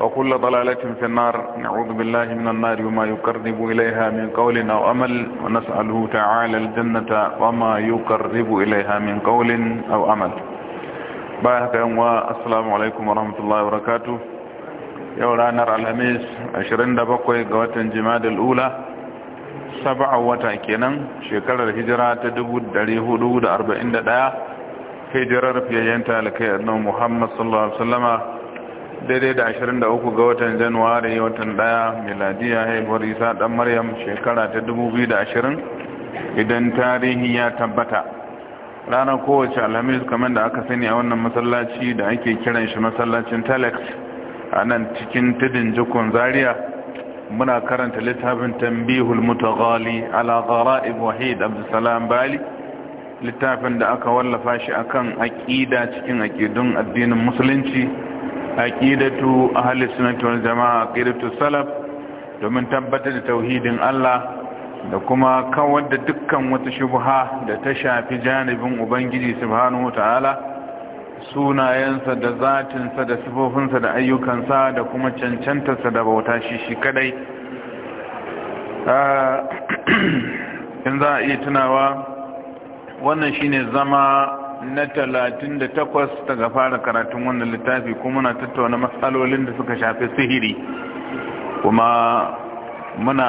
وكل ضلالة في النار نعوذ بالله من النار وما يقرب إليها من قول أو أمل ونسأله تعالى الجنة وما يقرب إليها من قول أو أمل باهك أمواء السلام عليكم ورحمة الله وبركاته يورانا الهميس عشرين دبقوا قوات جماد الأولى سبعة وتأكينا شكرا الهجرة تدبود دليه دود أربعين دقاء هجرة في ينتهى لكي أنه محمد صلى الله عليه وسلم daidai da 23 ga watan januwari watan daya miladiya haihuwar isa dan maryam shekara ta 2020 idan tarihi ya tabbata ranar kowace alhamis kamar da aka sani a wannan masallaci da ake kiran shi masallacin telex a nan cikin tudun jikon zaria muna karanta littafin tambihul mutagali ala ghara'ib wahid abdulsalam bali littafin da aka wallafa shi akan aƙida cikin aƙidun addinin musulunci aqidatu ahli sunnati wal jamaa aqidatu salaf domin tabbatar da tauhidin Allah da kuma kawar da dukkan wata shubha da ta shafi janibin ubangiji subhanahu ta'ala sunayensa da zatinsa da sifofinsa da ayyukansa da kuma cancantarsa da bauta shi shi kadai ah, in za a iya tunawa wannan shine zama na talatin da takwas daga fara karatun wannan littafi kuma muna tattauna matsalolin da suka shafi sihiri kuma muna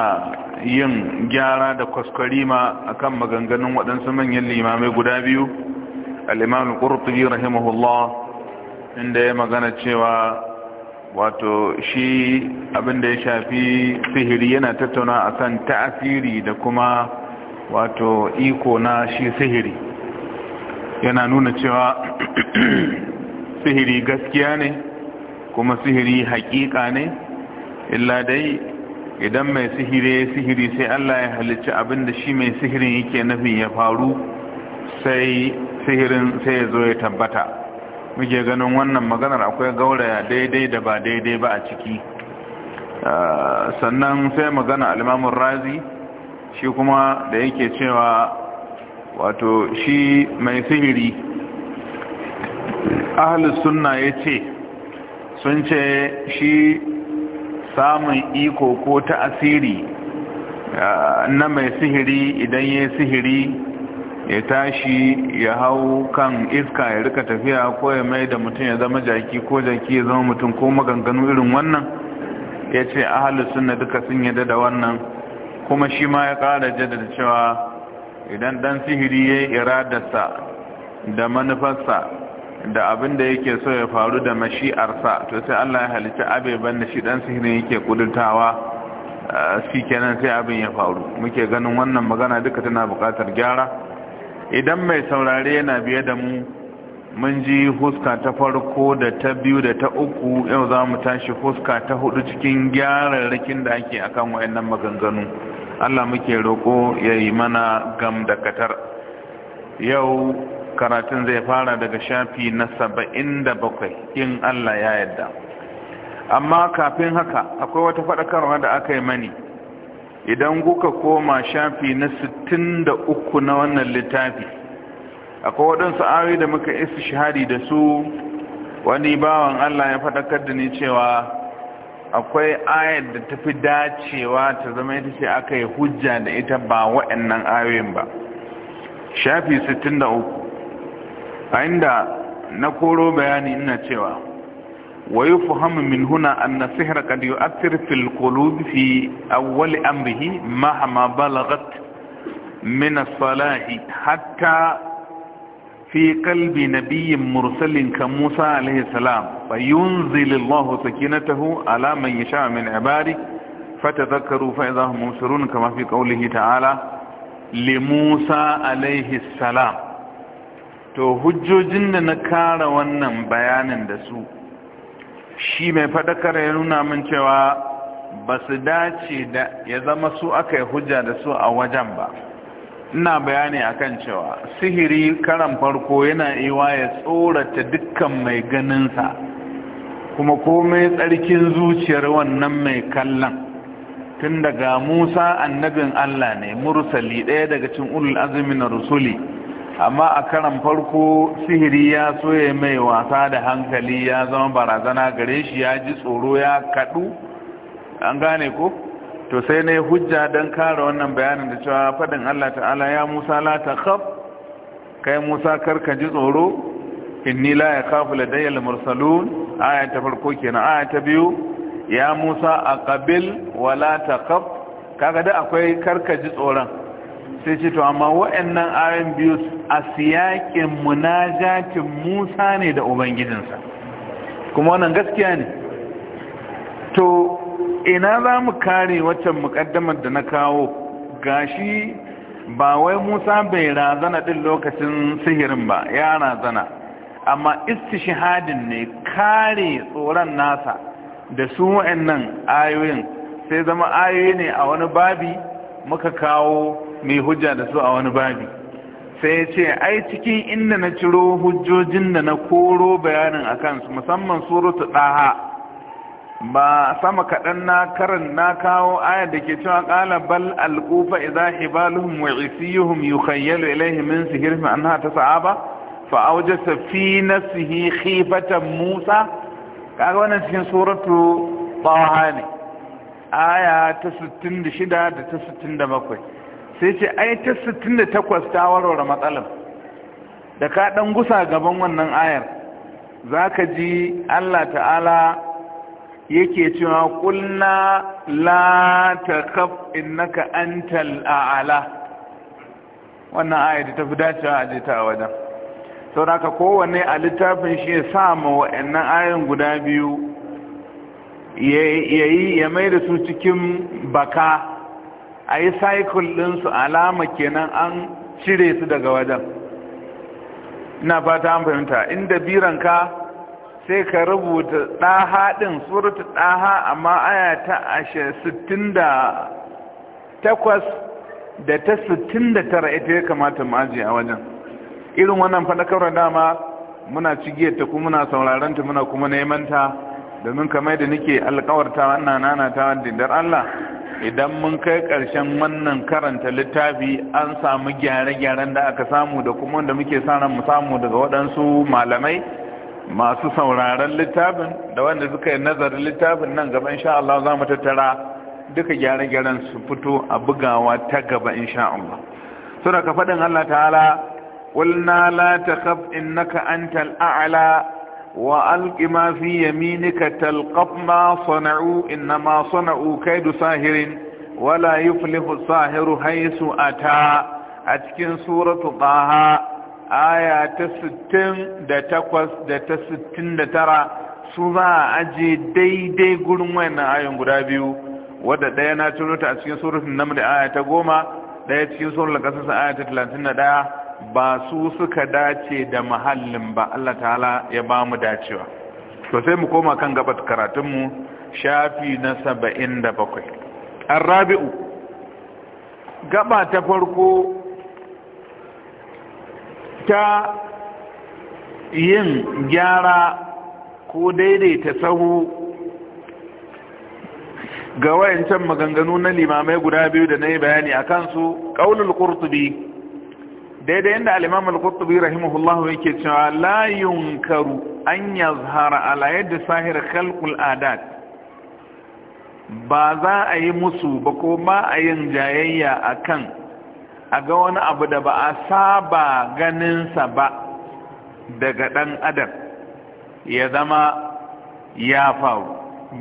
yin gyara da kwaskwarima akan maganganun waɗansu manyan limamai guda biyu al'imam al'urtubi rahimahullah inda ya magana cewa wato shi abinda ya shafi sihiri yana tattauna a akan ta'asiri da kuma wato iko na shi sihiri yana nuna cewa sihiri gaskiya ne kuma sihiri hakika ne illa dai idan mai sihiri ya sihiri sai Allah ya halicci abin da shi mai sihiri yake nafi ya faru sai sihirin sai ya zo ya tabbata muke ganin wannan maganar akwai gauraya daidai da ba daidai ba a ciki ah, sannan sai magana alimamun razi shi kuma da yake cewa wato shi mai sihiri ahalus sunna ya ce sun ce shi samun iko ko ta asiri na mai sihiri idan ya sihiri ya tashi ya hau kan iska ya rika tafiya ko ya mai da mutum ya zama jaki ko jaki ya zama mutum ko maganganu irin wannan ya ce ahalus sunna duka sun yada da wannan kuma shi ma ya kara da cewa idan dan sihiri ya yi iradarsa da manufarsa da abin da yake so ya faru da mashi'arsa to sai Allah ya halitta abeban da shi dan sihirin yake kudurtawa eh, shi kenan sai abin ya faru muke ganin wannan magana duka tana buƙatar gyara idan mai saurare yana biye da mu mun ji fuska ta farko da ta biyu da ta uku yau za mu tashi fuska ta hudu cikin gyararrakin da ake akan wayannan maganganu Allah muke roƙo ya yi mana gam da katar yau karatun zai fara daga shafi na saba'in da bakwai in Allah ya yadda amma kafin haka akwai wata faɗakarwa da aka yi mani idan kuka koma shafi na sittin da uku na wannan littafi akwai waɗansu awi da muka isa shahadi da su wani bawan Allah ya faɗakar da ni cewa akwai ayar da ta fi dacewa ta zama ita ce aka yi hujja da ita ba waɗannan ayoyin ba shafi 63 a inda na koro bayani ina cewa wa yi fuhamu min huna an na sihir kad yi afir fil kulubi fi amrihi mahama balagat min salahi hatta fi kalbi nabiyyin mursalin kan Musa alaihi salam fa yunzilu Allah sakinatahu ala ya sha min ibadi fatadhakkaru fa idha hum kama fi qawlihi ta'ala li Musa alaihi salam to hujjojin da na kara wannan bayanin da su shi mai fadakar ya nuna min cewa ba su dace da ya zama su aka yi hujja da su a wajen ba ina bayani akan cewa sihiri karan farko yana iwa ya tsorata dukkan mai ganinsa kuma komai tsarkin zuciyar wannan mai kallon tun daga musa annabin allah ne mursali ɗaya daga cin ulul azumi na rusuli amma a karan farko sihiri ya soye mai wasa da hankali ya zama barazana gare shi ya ji tsoro ya kaɗu an gane ko to sai ne hujja don kara wannan bayanin da cewa faɗin Allah ta'ala ya Musa la takhaf kai Musa karka ji tsoro inni la kafu ladayya al-mursalun aya ta farko kenan aya ta biyu ya Musa aqbil wa la takhaf kaga da akwai karka ji tsoron sai ce to amma wa'annan ayoyin biyu a siyakin munajatin Musa ne da ubangijinsa kuma wannan gaskiya ne to ina za mu kare waccan mukaddamar da na kawo gashi ba wai musa bai razana din lokacin sihirin ba ya razana amma istishihadin ne kare tsoron nasa da su wa'annan ayoyin sai zama ayoyi ne a wani babi muka kawo mai hujja da su a wani babi sai ce ai cikin inda na ciro hujjojin da na koro bayanin a kansu musamman suratu ɗaha ba sama kaɗan na karan na kawo ayar da ke cewa ƙala bal alƙufa idza hibaluhum wa isiyuhum yukhayyalu ilayhi min sihrihim sa'a ba fa awjasa fi nafsihi khifatan Musa kaga wannan cikin suratu Taha ne aya ta 66 da ta 67 sai ce ai ta 68 ta warware matsalar da ka dan gusa gaban wannan ayar zaka ji Allah ta'ala yake cewa kulna la takaf innaka antal a'la wannan ayat ta fi dacewa a jita a wajen sauraka kowanne a littafin shi sa ma wa'annan ayan guda biyu ya yi ya mai da su cikin baka ayi yi din su alama kenan an cire su daga wajen ina fata an fahimta inda biranka sai ka rubuta ɗaha ɗin surutu ɗaha amma aya ta ashe sittin da takwas da ta sittin da tara ita ya kamata mu ajiye a wajen irin wannan faɗakar dama muna cigiyarta kuma muna sauraron ta muna kuma neman ta domin kamar da nake alkawarta wannan nana ta dindar Allah idan mun kai ƙarshen wannan karanta littafi an samu gyare-gyaren da aka samu da kuma wanda muke sa ran mu samu daga waɗansu malamai masu sauraron littafin da wanda suka yi nazarin littafin nan gaba insha Allah za mu tattara duka gyare-gyaren su fito a bugawa ta gaba insha Allah suna ka faɗin Allah ta'ala qulna la takhaf innaka antal a'la wa alqi ma fi yaminika talqaf ma sana'u ma sana'u kaydu sahirin wala yuflihu sahiru haythu ata a cikin suratu taha aya ta sittin da takwas da ta sittin da tara su za a aje daidai gurin wayannan ayon guda biyu wadda ɗaya na ciro a cikin surufin namu da aya ta goma ɗaya cikin surutun ƙasarsa aya ta talatin da ɗaya ba su suka dace da mahallin ba Allah ta'ala ya ba mu dacewa to sai mu koma kan gabat karatunmu shafi na saba'in da bakwai an rabi'u gaba ta farko ta yin gyara ko daidaita sahu ga wayancan maganganu na limamai guda biyu da na yi bayani a kansu ƙaunar ƙurtubi daidai inda alimamar al-ƙurtubi rahimahullahu yake cewa layun karu an zahara ala yadda sahir khalqul adat ba za a yi musu ba ko ba a yin jayayya akan a ga wani abu da ba a saba ganinsa ba daga ɗan adam ya zama ya faru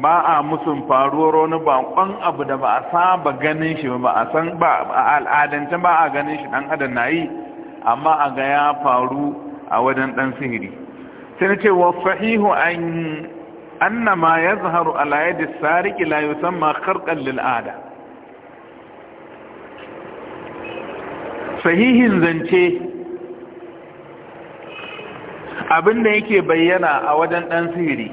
ba a musun faruwar wani bakon abu da ba a saba ganin shi ba a san ba a al'adance ba a ganin shi ɗan adam na yi amma a ga ya faru a wajen ɗan sihiri sai ce wa fahihu an annama yazharu ala yadi sariqi la yusamma kharqan lil sahihin zance abin da yake bayyana a wajen ɗan sihiri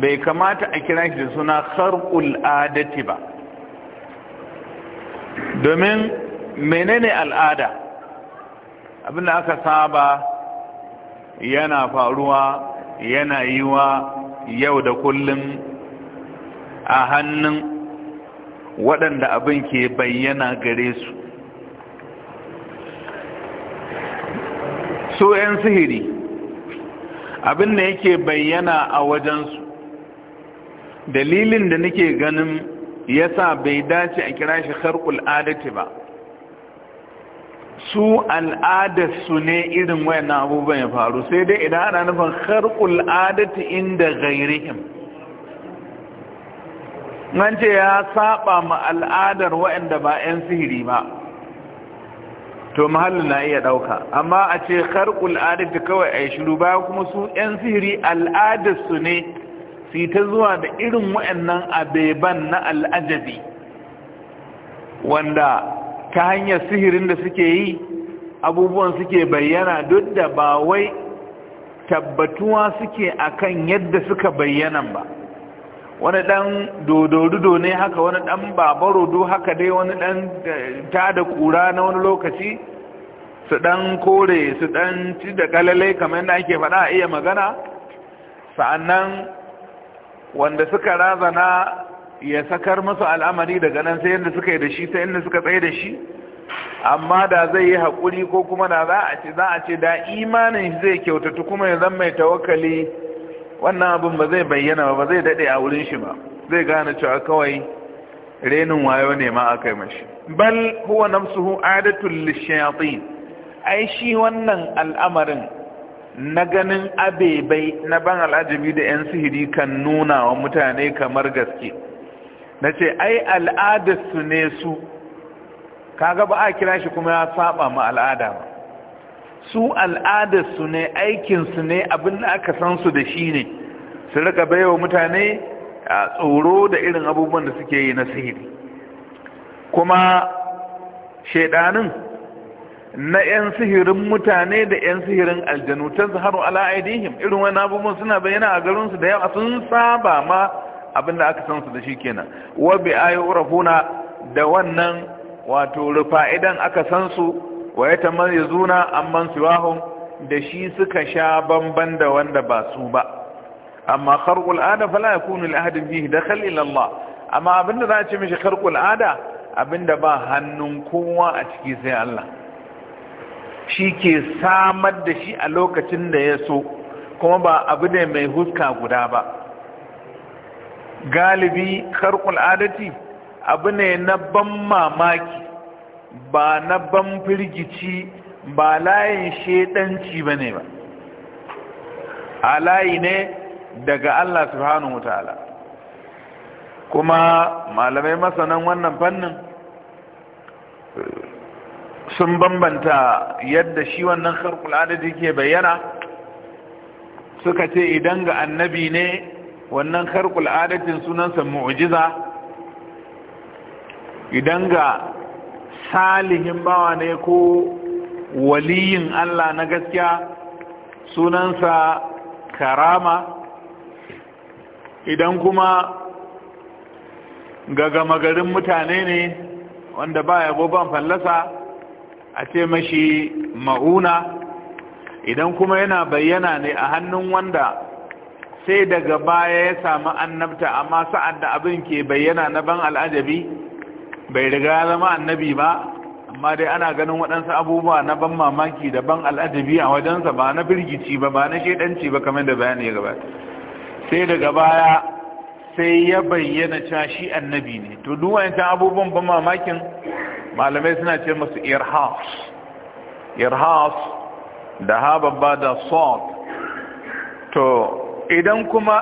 bai kamata a kira shi da suna kharqul adati ba domin menene al'ada abin da aka saba yana faruwa yana yiwa yau da kullum a hannun waɗanda abin ke bayyana gare su su 'yan sihiri abin da yake bayyana a wajensu dalilin da nake ganin yasa bai dace a kira shi harkul adati ba su al'adarsu ne irin wayannan abubuwan ya faru sai dai idan ana nufin harkul adati inda gairihim nan ya saba ma al'adar wayanda ba 'yan sihiri ba to mahallin na iya ɗauka amma a ce karkul ta kawai a shiru Baya kuma su 'yan sihiri al'adarsu ne su ta zuwa da irin wa'annan abeban na al'ajabi wanda ta hanyar sihirin da suke yi abubuwan suke bayyana duk da ba wai tabbatuwa suke akan yadda suka bayyana ba wani dan dodorudo ne haka wani babaro babarodo haka dai wani eh, ta tada ƙura na wani lokaci su ɗan kore su ɗan ci da kalalai kamar yadda ake faɗa a iya magana sa'annan wanda suka razana ya sakar masu al'amari daga nan sai yadda suka yi da shi sai yadda suka tsaye da shi amma da zai yi haƙuri ko kuma da za a ce da imanin zai kyautatu kuma ya zama mai tawakali. wannan abin ba zai bayyana ba zai daɗe a wurin shi ba zai gane cewa kawai renin wayo ne ma aka yi mashi bal huwa nafsuhu adatul lishayatin ai shi wannan al'amarin na ganin abebai na ban al'ajabi da yan sihiri kan nuna wa mutane kamar gaske na ce ai al'adarsu ne su kaga ba a kira shi kuma ya saba ma al'ada ba su al'adarsu ne aikinsu ne abin da aka san su da shi ne su rika baiwa mutane a tsoro da irin abubuwan da suke yi na sihiri kuma shaidanin na 'yan sihirin mutane da 'yan sihirin aljanu ta zaharu ala'adihim irin wani abubuwan suna bayyana a garinsu da yawa sun saba ma abin da aka san su da shi kenan wabi ayi urafuna da wannan wato rufa idan aka san su wa ya an amman siwahun da shi suka sha bamban da wanda ba su ba amma kharqul ada fala yakunu li ahadin bihi dakhal ila Allah amma abinda za a ce mishi kharqul ada abinda ba hannun kowa a ciki sai Allah shi ke samar da shi a lokacin da ya so kuma ba abu ne mai huska guda ba galibi kharqul adati abu ne na ban mamaki ba na ban firgici ba layin shedanci ba ne ba a layi ne daga Allah subhanahu ta'ala kuma malamai masanan wannan fannin sun bambanta yadda shi wannan harkul adadi ke bayyana suka ce idan ga annabi ne wannan harkul adadin sunansa mu'jiza idan ga salihin bawa ne ko waliyin Allah na gaskiya sunansa karama idan kuma gagama garin mutane ne wanda ba yabo ban fallasa a ce mashi ma'una idan kuma yana bayyana ne a hannun wanda sai daga baya ya samu annabta amma sa'ad da abin ke bayyana na ban al'ajabi bai riga zama annabi ba amma dai ana ganin waɗansu abubuwa na ban mamaki da ban al'adabi a wajensa ba na birgici ba ba na shaidanci ba kamar da bayani ya gabata sai daga baya sai ya bayyana cewa shi annabi ne to duk wayancan abubuwan ban mamakin malamai suna ce musu irhas irhas da hababba da salt to idan kuma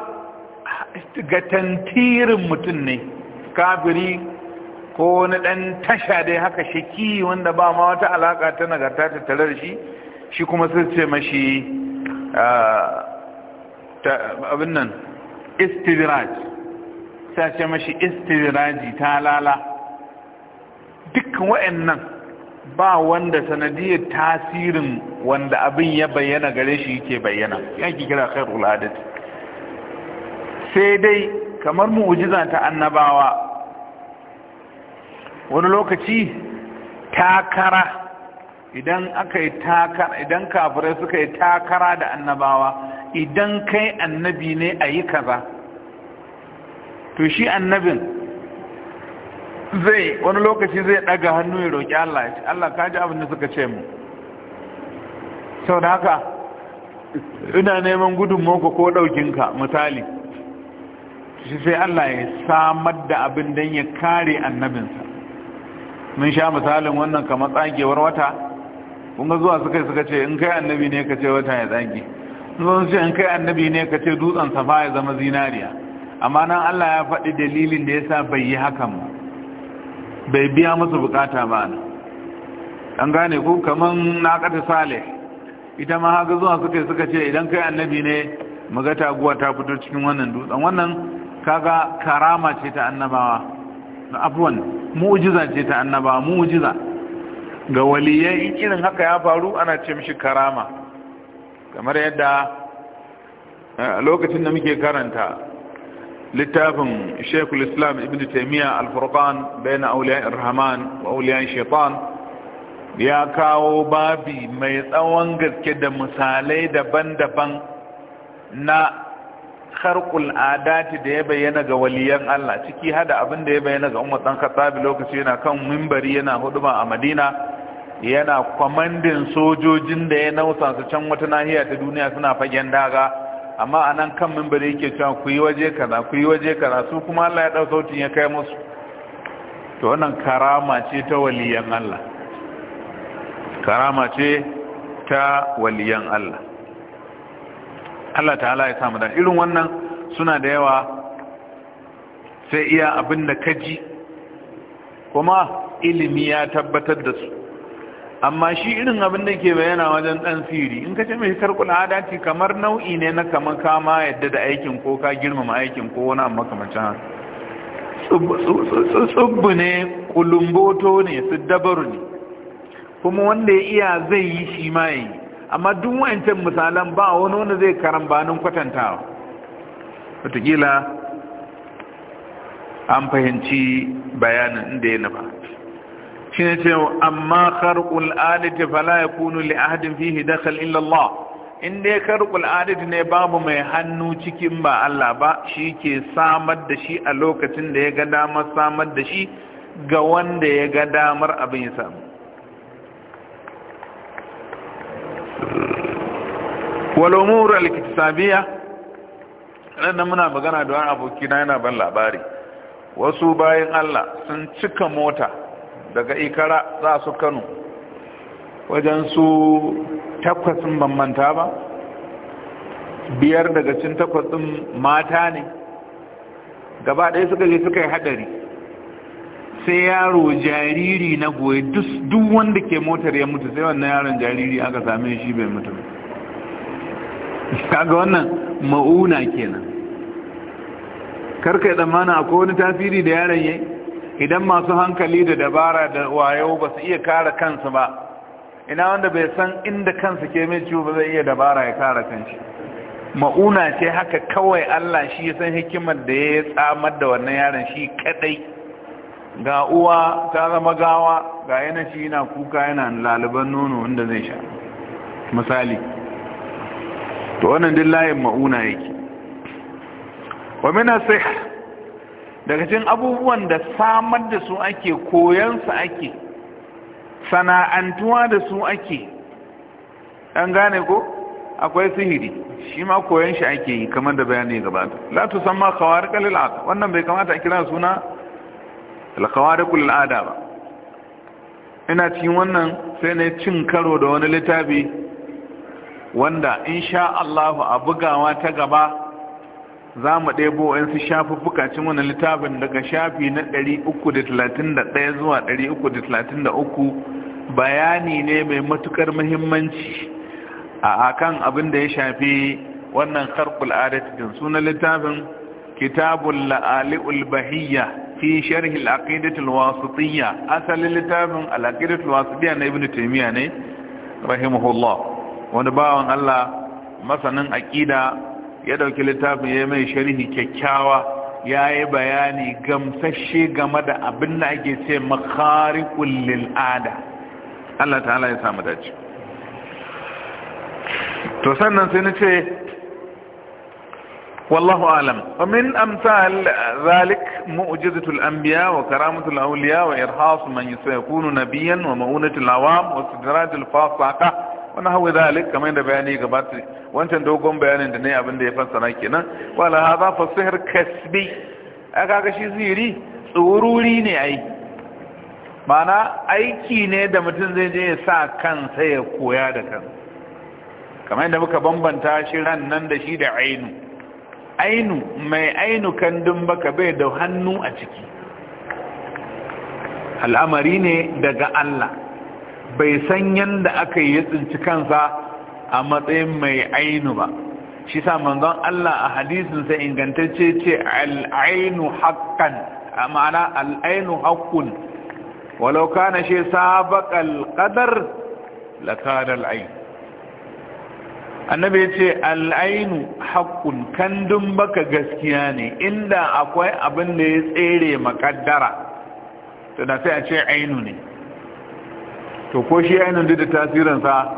ga tantirin mutum ne kafiri ko wani ɗan tasha dai haka shaki wanda ba ma wata alaƙa ta nagarta ta tare da shi shi kuma sun ce mashi ah, abin nan istiraj sa ce mashi istiraji ta lala dukkan wa'annan ba wanda sanadiyar tasirin wanda abin ya bayyana gare shi yake bayyana yake kira kai adad sai dai kamar mu'jiza ta annabawa wani lokaci takara idan aka yi takara idan kafirai suka yi takara da annabawa idan kai annabi ne a yi kaza to shi annabin zai wani lokaci zai ɗaga hannu ya roƙi Allah ya ce Allah ka ji abin da suka ce mu sau da haka ina neman gudun moko ko ɗaukinka misali shi sai Allah ya samar da abin don ya kare annabinsa mun sha misalin wannan kamar tsagewar wata Kuma zuwa suka suka ce in kai annabi ne ka ce wata ya tsage sun ce in kai annabi ne ka ce dutsen safa ya zama zinariya amma nan Allah ya faɗi dalilin da yasa bai yi hakan ba bai biya musu bukata ba na an gane ku kaman naqata salih ita ma haka zuwa suka suka ce idan kai annabi ne muga taguwa ta fito cikin wannan dutsen wannan kaga karama ce ta annabawa afwan mu'ujiza ce ta annaba mu'ujiza ga waliyai in irin haka ya faru ana ce mishi karama kamar yadda eh, lokacin da muke karanta littafin shekul islam ibn taimiyya alfurqan bayan auliyan rahman auliyan shaitan ya kawo babi mai tsawon gaske da misalai daban-daban na kharqul adati da ya bayyana ga waliyan Allah ciki hada abin da ya bayyana ga Umar dan Khattab lokaci yana kan minbari yana huduma a Madina yana kwamandin sojojin da ya nausa su can wata nahiya ta duniya suna fagen daga amma anan kan minbari yake cewa ku yi waje kaza ku yi waje kaza su kuma Allah ya dau sautin ya kai musu to wannan karama ce ta waliyan Allah karama ce ta waliyan Allah Allah ta'ala ya samu da irin wannan suna da yawa sai iya abin da ji. kuma ilimi ya tabbatar da su amma shi irin abin da ke bayana wajen dan siri in ka ce mai tarkul adati kamar nau'i ne na kamar kama yadda da aikin ko ka girmama aikin ko wani amma can. tsubbu ne kulumboto ne su dabaru ne kuma wanda ya iya zai yi shi ma yi amma duk wa'ancan misalan ba wani wanda zai karambanin kwatantawa wataƙila an fahimci bayanin inda yana ba shi ne ce amma karkul adadi fala ya kunu li ahadin fihi dakal illallah in dai karkul adadi ne babu mai hannu cikin ba Allah ba shi ke samar da shi a lokacin da ya ga damar samar da shi ga wanda ya ga damar abin ya samu walomuru alkitabiya nan muna magana da wani abokina yana ban labari wasu bayan allah sun cika mota daga ikara za su kano wajen su takwasin bambanta ba biyar daga cin takwasin mata ne gaba ɗaya suka je suka yi haɗari sai yaro jariri na goye duk wanda ke motar ya mutu sai wannan yaron jariri aka same shi bai mutu kaga wannan ma'una kenan karka tsammana ko wani tasiri da yaron yi. idan masu hankali da dabara da wayo ba su iya kare kansu ba ina wanda bai san inda kansu ke mai ciwo ba zai iya dabara ya kare kanshi ma'una ce haka kawai Allah shi ya san hikimar da ya tsamar da wannan yaron shi kadai ga uwa ta zama gawa ga yana shi yana kuka yana laliban nono wanda zai sha misali to wannan din layin ma'una yake wa mina daga cikin abubuwan da samar da su ake koyan su ake sana'antuwa da su ake an gane ko akwai sihiri shi ma koyon shi ake yi kamar da bayani gabata la tusamma khawarqal lil wannan bai kamata a kira suna alkawarikul al'ada ba ina cikin wannan sai na cin karo da wani littafi wanda insha Allahu a bugawa ta gaba za mu ɗebo wa'insu shafi cin wani littafin daga shafi na 331 zuwa 333 bayani ne mai matukar muhimmanci a kan abin da ya shafi wannan karkul adatikin sunan littafin kitabul la'ali'ul bahiyya fi sharhi asalin littafin al-aqidatul wasitiyya na ibnu taymiya ne rahimahullah wani bawan Allah masanin aƙida ya ɗauki littafin yayi mai sharhi kyakkyawa yayi bayani gamsashe game da abin da ake ce makhariqul lil'ada Allah ta'ala ya samu dace to sannan sai nace والله أعلم ومن أمثال ذلك مؤجزة الأنبياء وكرامة الأولياء وإرهاص من سيكون نبيا ومؤونة العوام واستدراج الفاصعة ونحو ذلك كما عند بياني قبات وانت دوقون بياني دنيا ابن دي فسنكنا وعلى هذا فالصهر كسبي أكاك شي زيري tsururi ne ai mana aiki ne da mutum zai je ya sa kansa ya koya da kan kamar yadda muka bambanta shi ran nan da shi da ainu ainu mai ainu kandun baka bai da hannu a ciki al'amari ne daga Allah bai san yadda aka yi tsinci kansa a matsayin mai ainu ba shi sa manzon Allah a hadisinsa ingantacce ce al'ainu haƙƙan ma'ana al'ainu haqqun walau kana shi sabaqal qadar la kana al'ainu annabi ya ce al'ainu haƙƙun kandun baka gaskiya ne inda akwai abin da ya tsere makaddara to da sai a ce ainu ne to ko shi ainu duk da tasirinsa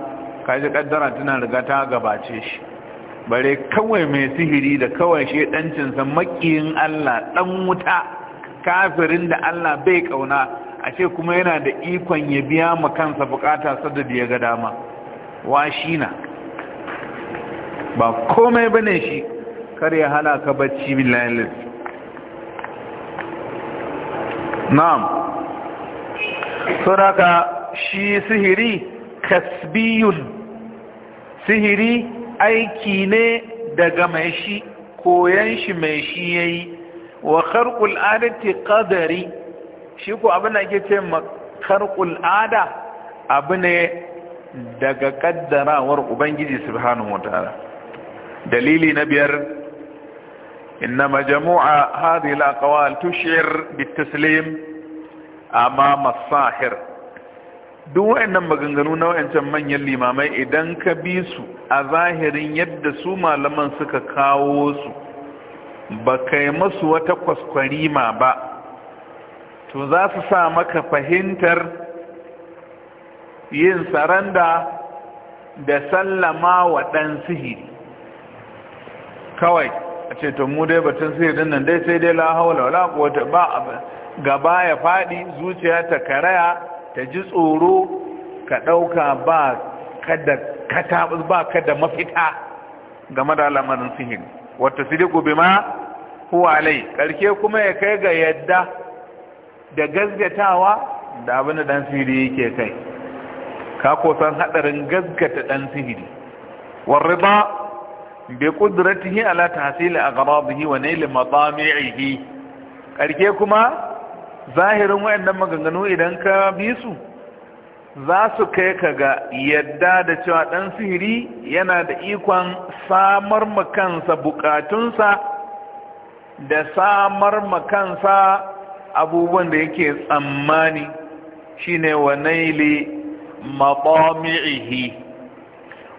kaji kaddara tana riga ta gabace shi bare kawai mai sihiri da kawai ɗancinsa makiyin Allah dan wuta kafirin da Allah bai kauna a ce kuma yana da ikon ya biya ma kansa bukata sadda da ya ga dama wa shi na ba komai bane shi kar ya hana ka bacci billahi na'am suraka shi sihiri kasbiyun sihiri aiki ne daga mai shi koyan shi mai shi yayi wa kharqul adati qadari shi ko abin da ce ma kharqul ada abu ne daga kaddarawar ubangiji subhanahu wataala dalili na biyar innama jamu'a hadhihi al-aqwal tush'ir bit-taslim amama as-sahir duk wayannan maganganu na wayancan manyan limamai idan ka bi su a zahirin yadda su malaman suka kawo su ba kai masu wata kwaskwarima ba to za su sa maka fahimtar yin saranda da sallama wa ɗan sihiri kawai a ce to mu dai batun sirrin nan dai sai dai la wala quwwata ba gaba ya fadi zuciya ta karaya ta ji tsoro ka dauka ba kada kata ba kada mafita game da lamarin sihiri wata sidiku bima huwa alai karke kuma ya kai ga yadda da gazgatawa da abin da dan sihiri yake kai ka ko gaskata hadarin gazgata dan sihiri warida bi qudratihi ala tahsil aghradihi wa nail matami'ihi karke kuma zahirin wayannan maganganu idan ka bi su za su kai ka ga yadda da cewa dan sihiri yana da ikon samar makansa bukatunsa da samar makansa abubuwan da yake tsammani shine wa nail matami'ihi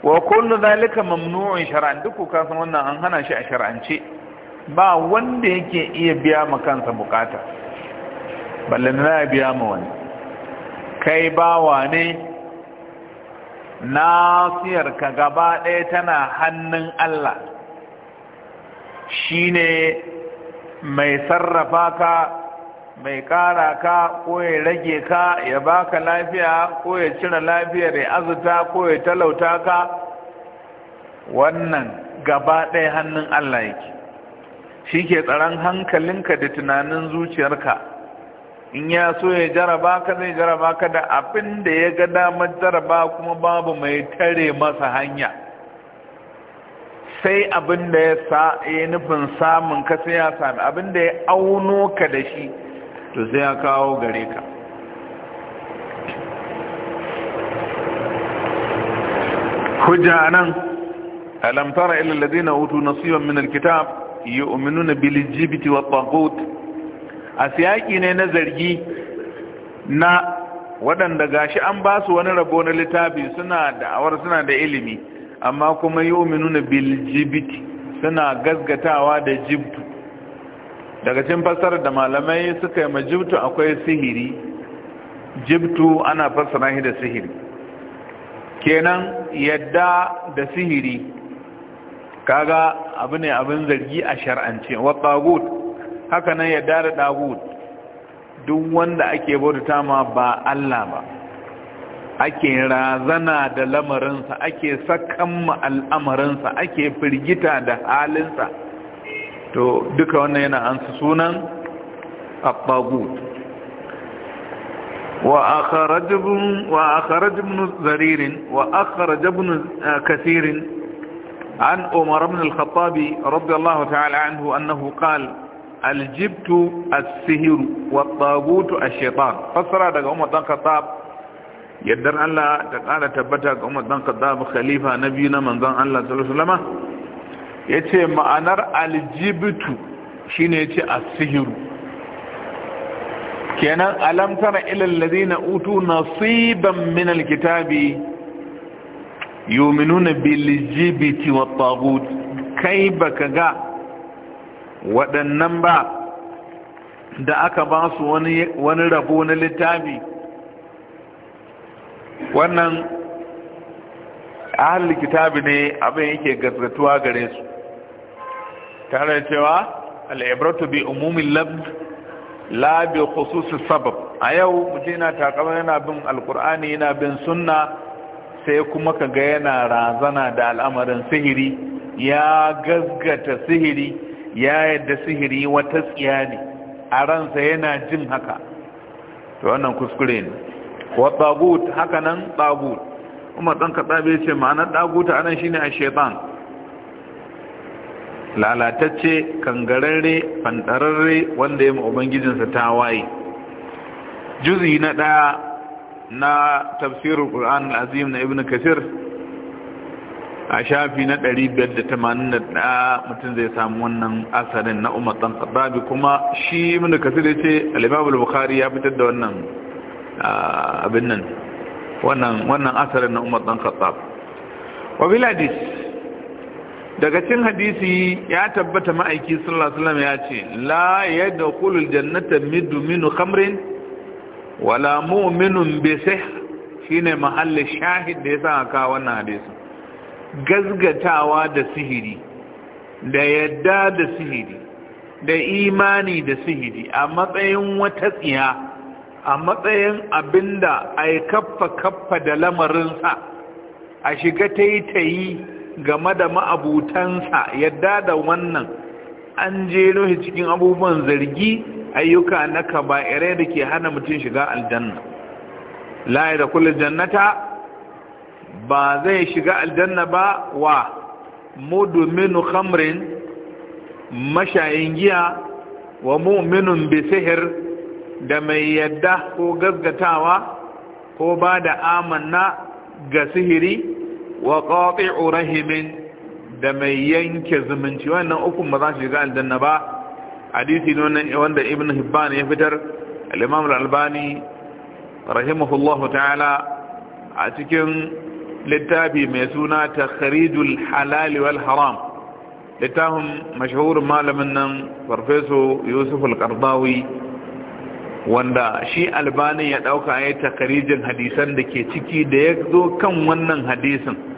wa kullu zalika mamnu'un shar'an duk ka san wannan an hana shi a shar'ance ba wanda yake iya biya ma kansa bukata balle na biya ma wani kai bawa ne nasiyar ka gaba ɗaya tana hannun Allah shine mai sarrafa ka mai ƙara ka ko ya rage ka ya baka lafiya ko ya cire lafiyar ya azuta ko ya talauta ka wannan gaba ɗaya hannun Allah yake shi ke tsaron hankalinka da tunanin zuciyarka in ya so ya jaraba ka zai jaraba ka da abin da ya ga damar jaraba kuma babu mai tare masa hanya sai abin da ya nufin samun ka sai ya sami abin da ya auno ka da shi to sai ya kawo gare ka hujja nan alam tara ila ladina utu nasiban min alkitab yu'minuna bil jibti wa taghut asiyaki ne na zargi na waɗanda gashi an ba su wani rabo na littafi suna da'awar suna da ilimi amma kuma yu'minuna bil jibti suna gasgatawa da jibtu daga cikin fassarar da malamai suka yi majibtu akwai sihiri jibtu ana fassara shi da sihiri kenan yadda da sihiri kaga abu ne abin zargi a shar'ance wa tagut haka nan yadda da tagut duk wanda ake bauta ma ba Allah ba ake razana da lamarinsa ake sakan ma al'amarinsa ake firgita da halinsa to duka wannan yana ansa sunan abbagut wa akharaj ibn wa akharaj ibn zarir wa akharaj ibn uh, kathir an umar ibn al-khattab radiyallahu ta'ala anhu annahu qala at السهر ash-shaytan fasara daga Umar dan Khattab yaddan Allah ta kara tabbata ga Umar dan Khattab khalifa nabiyina na manzon Allah sallallahu alaihi wasallam ya ce ma'anar aljibitu shi ne ya ce a sihiru kenan alamtara ilallazi na utu nasiban min alkitabi yominuna biljibiti wa tagut kai baka ga waɗannan ba da aka ba su wani rabo na littafi wannan ahal kitabi ne abin yake gazgatuwa gare su tare cewa al'ibratu bi umumin labd la bi sabab a yau mutu yana takama yana bin alkur'ani yana bin sunna sai kuma ka ga yana razana da al'amarin sihiri ya gazgata sihiri ya yadda sihiri wata tsiya ne a ransa yana jin haka to wannan kuskure ne wa tagut haka nan tagut kuma ɗan kaɗa bai ce ma'anar tagut a nan shine a shaitan lalatacce kangararre fantararre wanda ya ubangijinsa ta waye juzi na ɗaya na tafsirin ƙur'an al'azim na ibn kasir a shafi na 581 mutum zai samu wannan asarin na umar ɗan kuma shi ibn kasir ya ce alibabul bukari ya fitar da wannan abin nan wannan asarin na umar ɗan khattab wa daga cin hadisi ya tabbata ma'aiki sallallahu alaihi wasallam ya ce la yadkhulu aljannata midu minu khamrin wala mu'minun bi shine mahallin shahid da yasa aka wannan hadisi gazgatawa da sihiri da yadda da sihiri da imani da sihiri a matsayin wata tsiya a matsayin abinda ai kaffa kaffa da lamarinsa a shiga taitayi game da ma'abutansa yadda da wannan an je shi cikin abubuwan zargi ayyuka na kaba'irai da ke hana mutum shiga aljanna Layi da kullum jannata ba zai shiga aljanna ba wa mudminu khamrin mashayin giya wa mu'minun bi sihir da mai yadda ko gaggatawa ko ba da amanna ga sihiri wa qati'u rahimin da mai yanke zumunci wannan ukun ba za su shiga aljanna ba hadisi ne wanda ibn hibban ya fitar al-imam al-albani rahimahullahu ta'ala a cikin littafi mai suna takharijul halal wal haram littafin mashhurin malamin nan farfeso yusuf al-qardawi wanda shi albani ya dauka ya takharijin hadisan da ke ciki da ya zo kan wannan hadisin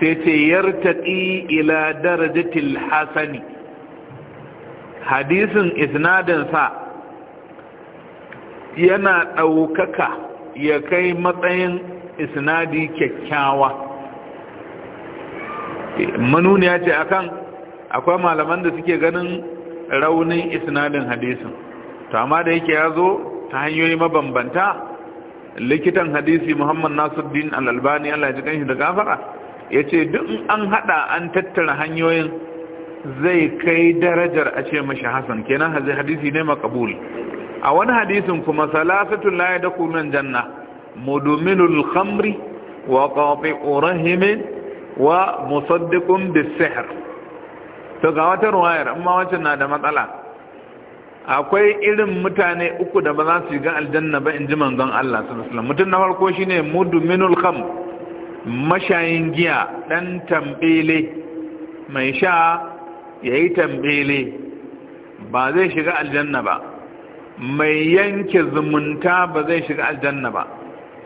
sai ce yartaki ila darajatil hasani hadisin isnadin sa yana ɗaukaka ya kai matsayin isnadi kyakkyawa manuniya ce akan akwai malaman da suke ganin raunin isnadin hadisin to amma da yake ya zo ta hanyoyi mabambanta likitan hadisi muhammad nasuddin al-albani allah ya ji kanshi da gafara ya ce duk an haɗa an tattara hanyoyin zai kai darajar a ce mashi hasan kenan hadisi ne makabul a wani hadisin kuma salasatun da kunan janna muduminul khamri wa qati'u rahimin wa musaddiqun bis to ga wata ruwayar amma wancan na da matsala akwai irin mutane uku da ba za su ga aljanna ba in ji manzon Allah sallallahu alaihi wasallam mutum na farko shine mudminul khamr mashayin giya ɗan tambele mai sha ya yi tambele ba zai shiga aljanna ba mai yanke zumunta ba zai shiga aljanna ba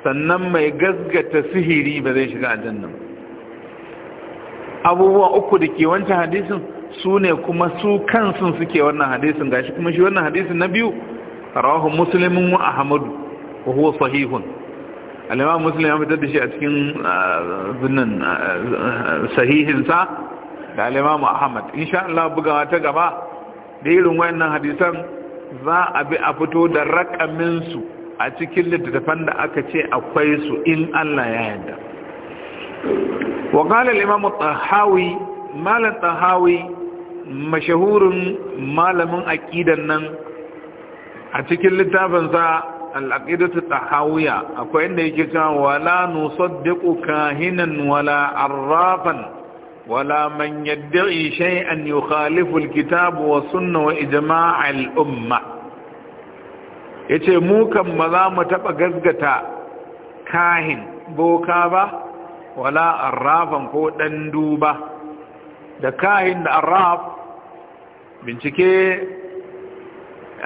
sannan mai gasgata sihiri ba zai shiga aljanna ba abubuwa uku da ke wancan hadisun su ne kuma su kansun suke wannan hadisin gashi kuma shi wannan hadisun na biyu rawahu mu'sulmin wa ahmadu wa huwa sahihun al'imam muslim ya fitar da shi a cikin zunan sahihinsa da al'imam ahmad insha Allah bugawa ta gaba da irin wayannan hadisan za a bi a fito da rakaminsu a cikin littattafan da aka ce akwai su in Allah ya yarda wa qala al-imam tahawi tahawi mashahurun malamin aqidan nan a cikin littafinsa ta tahawiyya akwai inda yake cewa wala nusaddiqu kahinan wala arrafan wala man yad'i shay'an yukhalifu al-kitab wa sunna wa ijma' al-umma yace mu kan ba za mu taba gaskata kahin boka ba wala arrafan ko dan duba da kahin da arraf bincike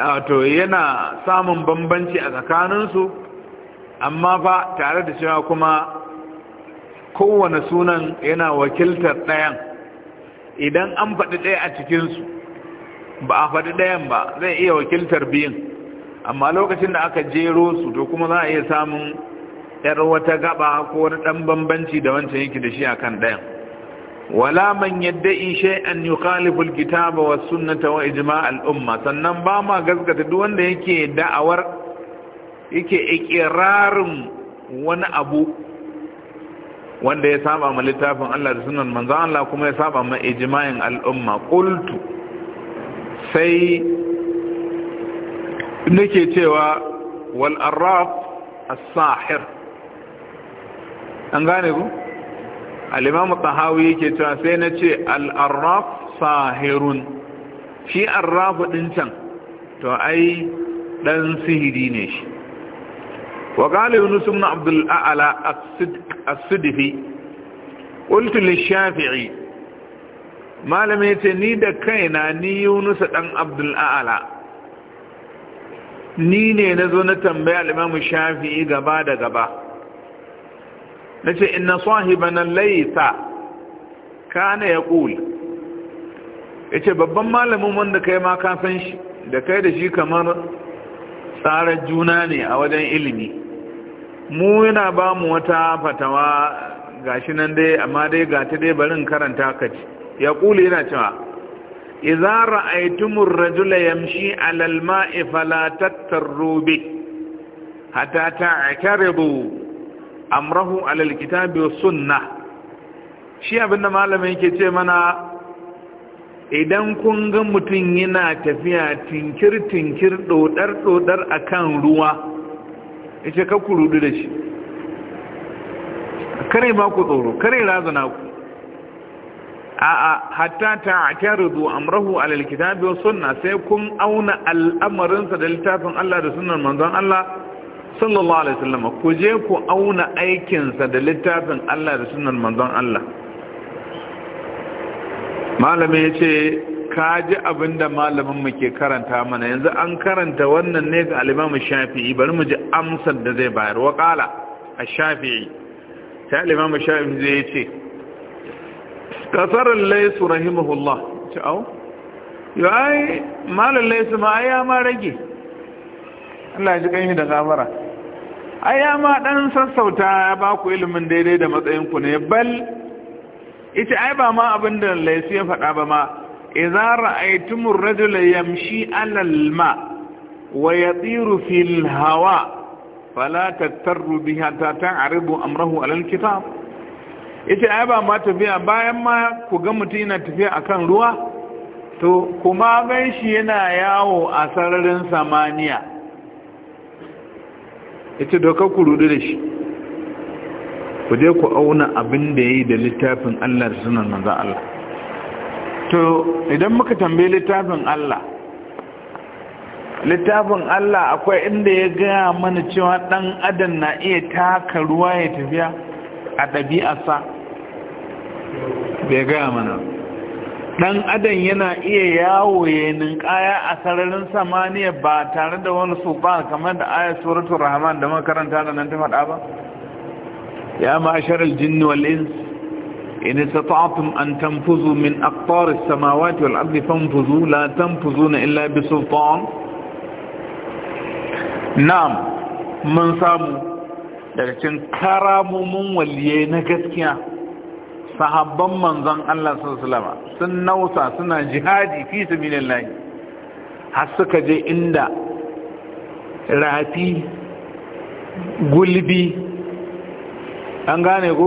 wato yana samun bambanci a tsakaninsu amma fa tare da cewa kuma kowane sunan yana wakiltar ɗayan idan an faɗi ɗaya a cikinsu ba a faɗi ɗayan ba zai iya wakiltar biyun amma lokacin da aka jero su to kuma za a iya samun ‘yar wata gaba ko wani ɗan bambanci da wancan yake da shi a kan ɗayan wala man yadda'i shay'an yukhalifu alkitaba was sunnata wa ijma' al-umma sannan ba ma gaskata duk wanda yake da'awar yake ikirarin wani abu wanda ya saba ma littafin Allah da sunan manzon Allah kuma ya saba ma ijma'in al-umma qultu sai nake cewa wal arraf as-sahir an gane ku alimamu tahawi yake cewa sai na ce Al'arraf sahirun shi arrafu ɗin can to ai dan sihiri ne shi wa qala yunus ibn abd ala as shafii malami yace ni da kaina ni yunus dan Abdul ala ni ne nazo na tambaya alimamu shafi'i gaba da gaba nace inna sahibana laysa kana yaqul yace babban malamin wanda kai ma ka san shi da kai da shi kamar tsarar juna ne a wajen ilimi mu yana ba mu wata fatawa gashi nan dai amma dai ga ta dai barin karanta ka ci ya kula yana cewa idza ra'aytumur rajula yamshi 'ala al-ma'i fala tattarubi hatta ta'taribu amrahu alal kitabi wa sunna shi abinda malamin yake ce mana idan kun ga mutum yana tafiya tinkir-tinkir dodar-dodar a kan ruwa yace ka ku rudu da shi kare ba ku tsoro kare razana ku a a hatta ta ataridu amrahu alal kitabi wa sunna sai kun auna al'amarinsa da littafin Allah da sunnar manzon Allah sallallahu alaihi wasallam ku je ku auna aikinsa da littafin Allah da sunan manzon Allah malami ya ce ka ji abinda malamin mu ke karanta mana yanzu an karanta wannan ne ga alimamu shafi'i bari mu ji amsar da zai bayar wa kala a shafi'i ta alimamu shafi'i zai ce kasarar laisu rahimahullah ci au yawai malar laisu ma ya ma rage Allah ya ji ƙanshi da gafara Aya ma dan sassauta ya ba ku ilimin daidai da matsayin ku ne bal ita ai ba ma abin da laisu ya faɗa ba ma idza ra'aytumur rajula yamshi 'alal ma wa yatiru fil hawa fala tattaru biha ta ta'ribu amrahu 'alal kitab ita ai ba ma tafiya bayan ma ku ga mutum yana tafiya akan ruwa to kuma ganshi yana yawo a sararin samaniya ita dokar ku rudu da shi ku je ku auna abin da yayi da littafin Allah da sunan manzo Allah to idan muka tambaye littafin Allah littafin Allah akwai inda ya gaya mana cewa ɗan adam na iya taka ruwa ya tafiya a sa. bai gaya mana dan adam yana iya yawo ya ninkaya a sararin samaniya ba tare da wani ba, kamar da ayat suratul rahman da makaranta da nan ta faɗa ba ya ma'ashar aljinni wal ins in istata'tum an tanfuzu min aqtar as-samawati wal ardi fanfuzu la tanfuzuna illa bi sultan na'am mun samu daga cikin karamumin waliye na gaskiya sahabban manzon Allah sallallahu sun nausa suna jihadi fi sabilillah har suka je inda rafi gulbi an gane ko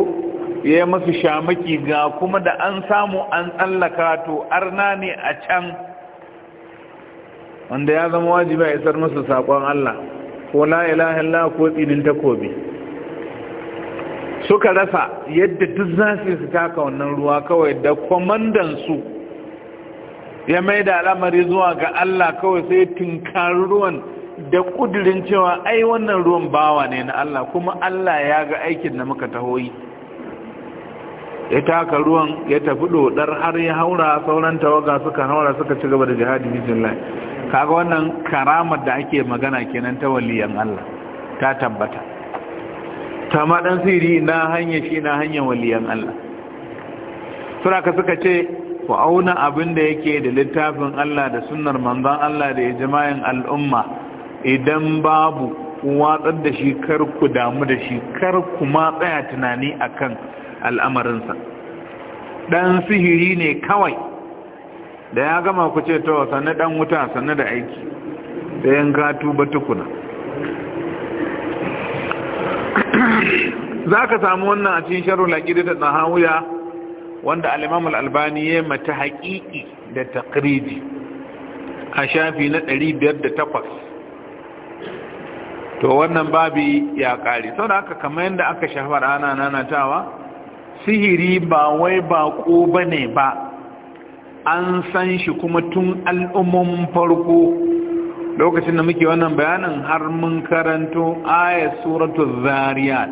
ya yi masu shamaki ga kuma da an samu an tsallaka to arna ne a can wanda ya zama wajibi a isar musu saƙon Allah ko la ilaha illa ko tsinin takobi suka rasa yadda duk za su taka wannan ruwa kawai da kwamandansu ya mai da al'amari zuwa ga Allah kawai sai tunkari ruwan da kudirin cewa ai wannan ruwan bawa ne na Allah kuma Allah ya ga aikin da muka tahoyi ya taka ruwan ya tafi dodar har ya haura sauran tawaga suka haura suka ci gaba da jihadi bismillah kaga wannan karamar da ake magana kenan ta waliyan Allah ta tabbata tama ɗan siri na hanya shi na hanyar waliyan Allah sura suka ce ku auna abin da yake da littafin Allah da sunnar manzon Allah da ijma'in al'umma idan babu watsar da shi kar ku damu da shi kar ku ma tsaya tunani akan al'amarinsa ɗan sihiri ne kawai da ya gama ku ce to wasanni dan wuta sanne da aiki da in ka tuba tukuna za ka samu wannan a cikin sharu laƙiri da tsahawiya wanda al albani ya mata haƙiƙi da taqridi a shafi na 508 to wannan babi ya ƙare, sau haka kamar yadda aka shahara ana nanatawa sihiri ba wai baƙo ko bane ba an san shi kuma tun al'umman farko lokacin da muke wannan bayanin har mun karanto ayat suratu zariyat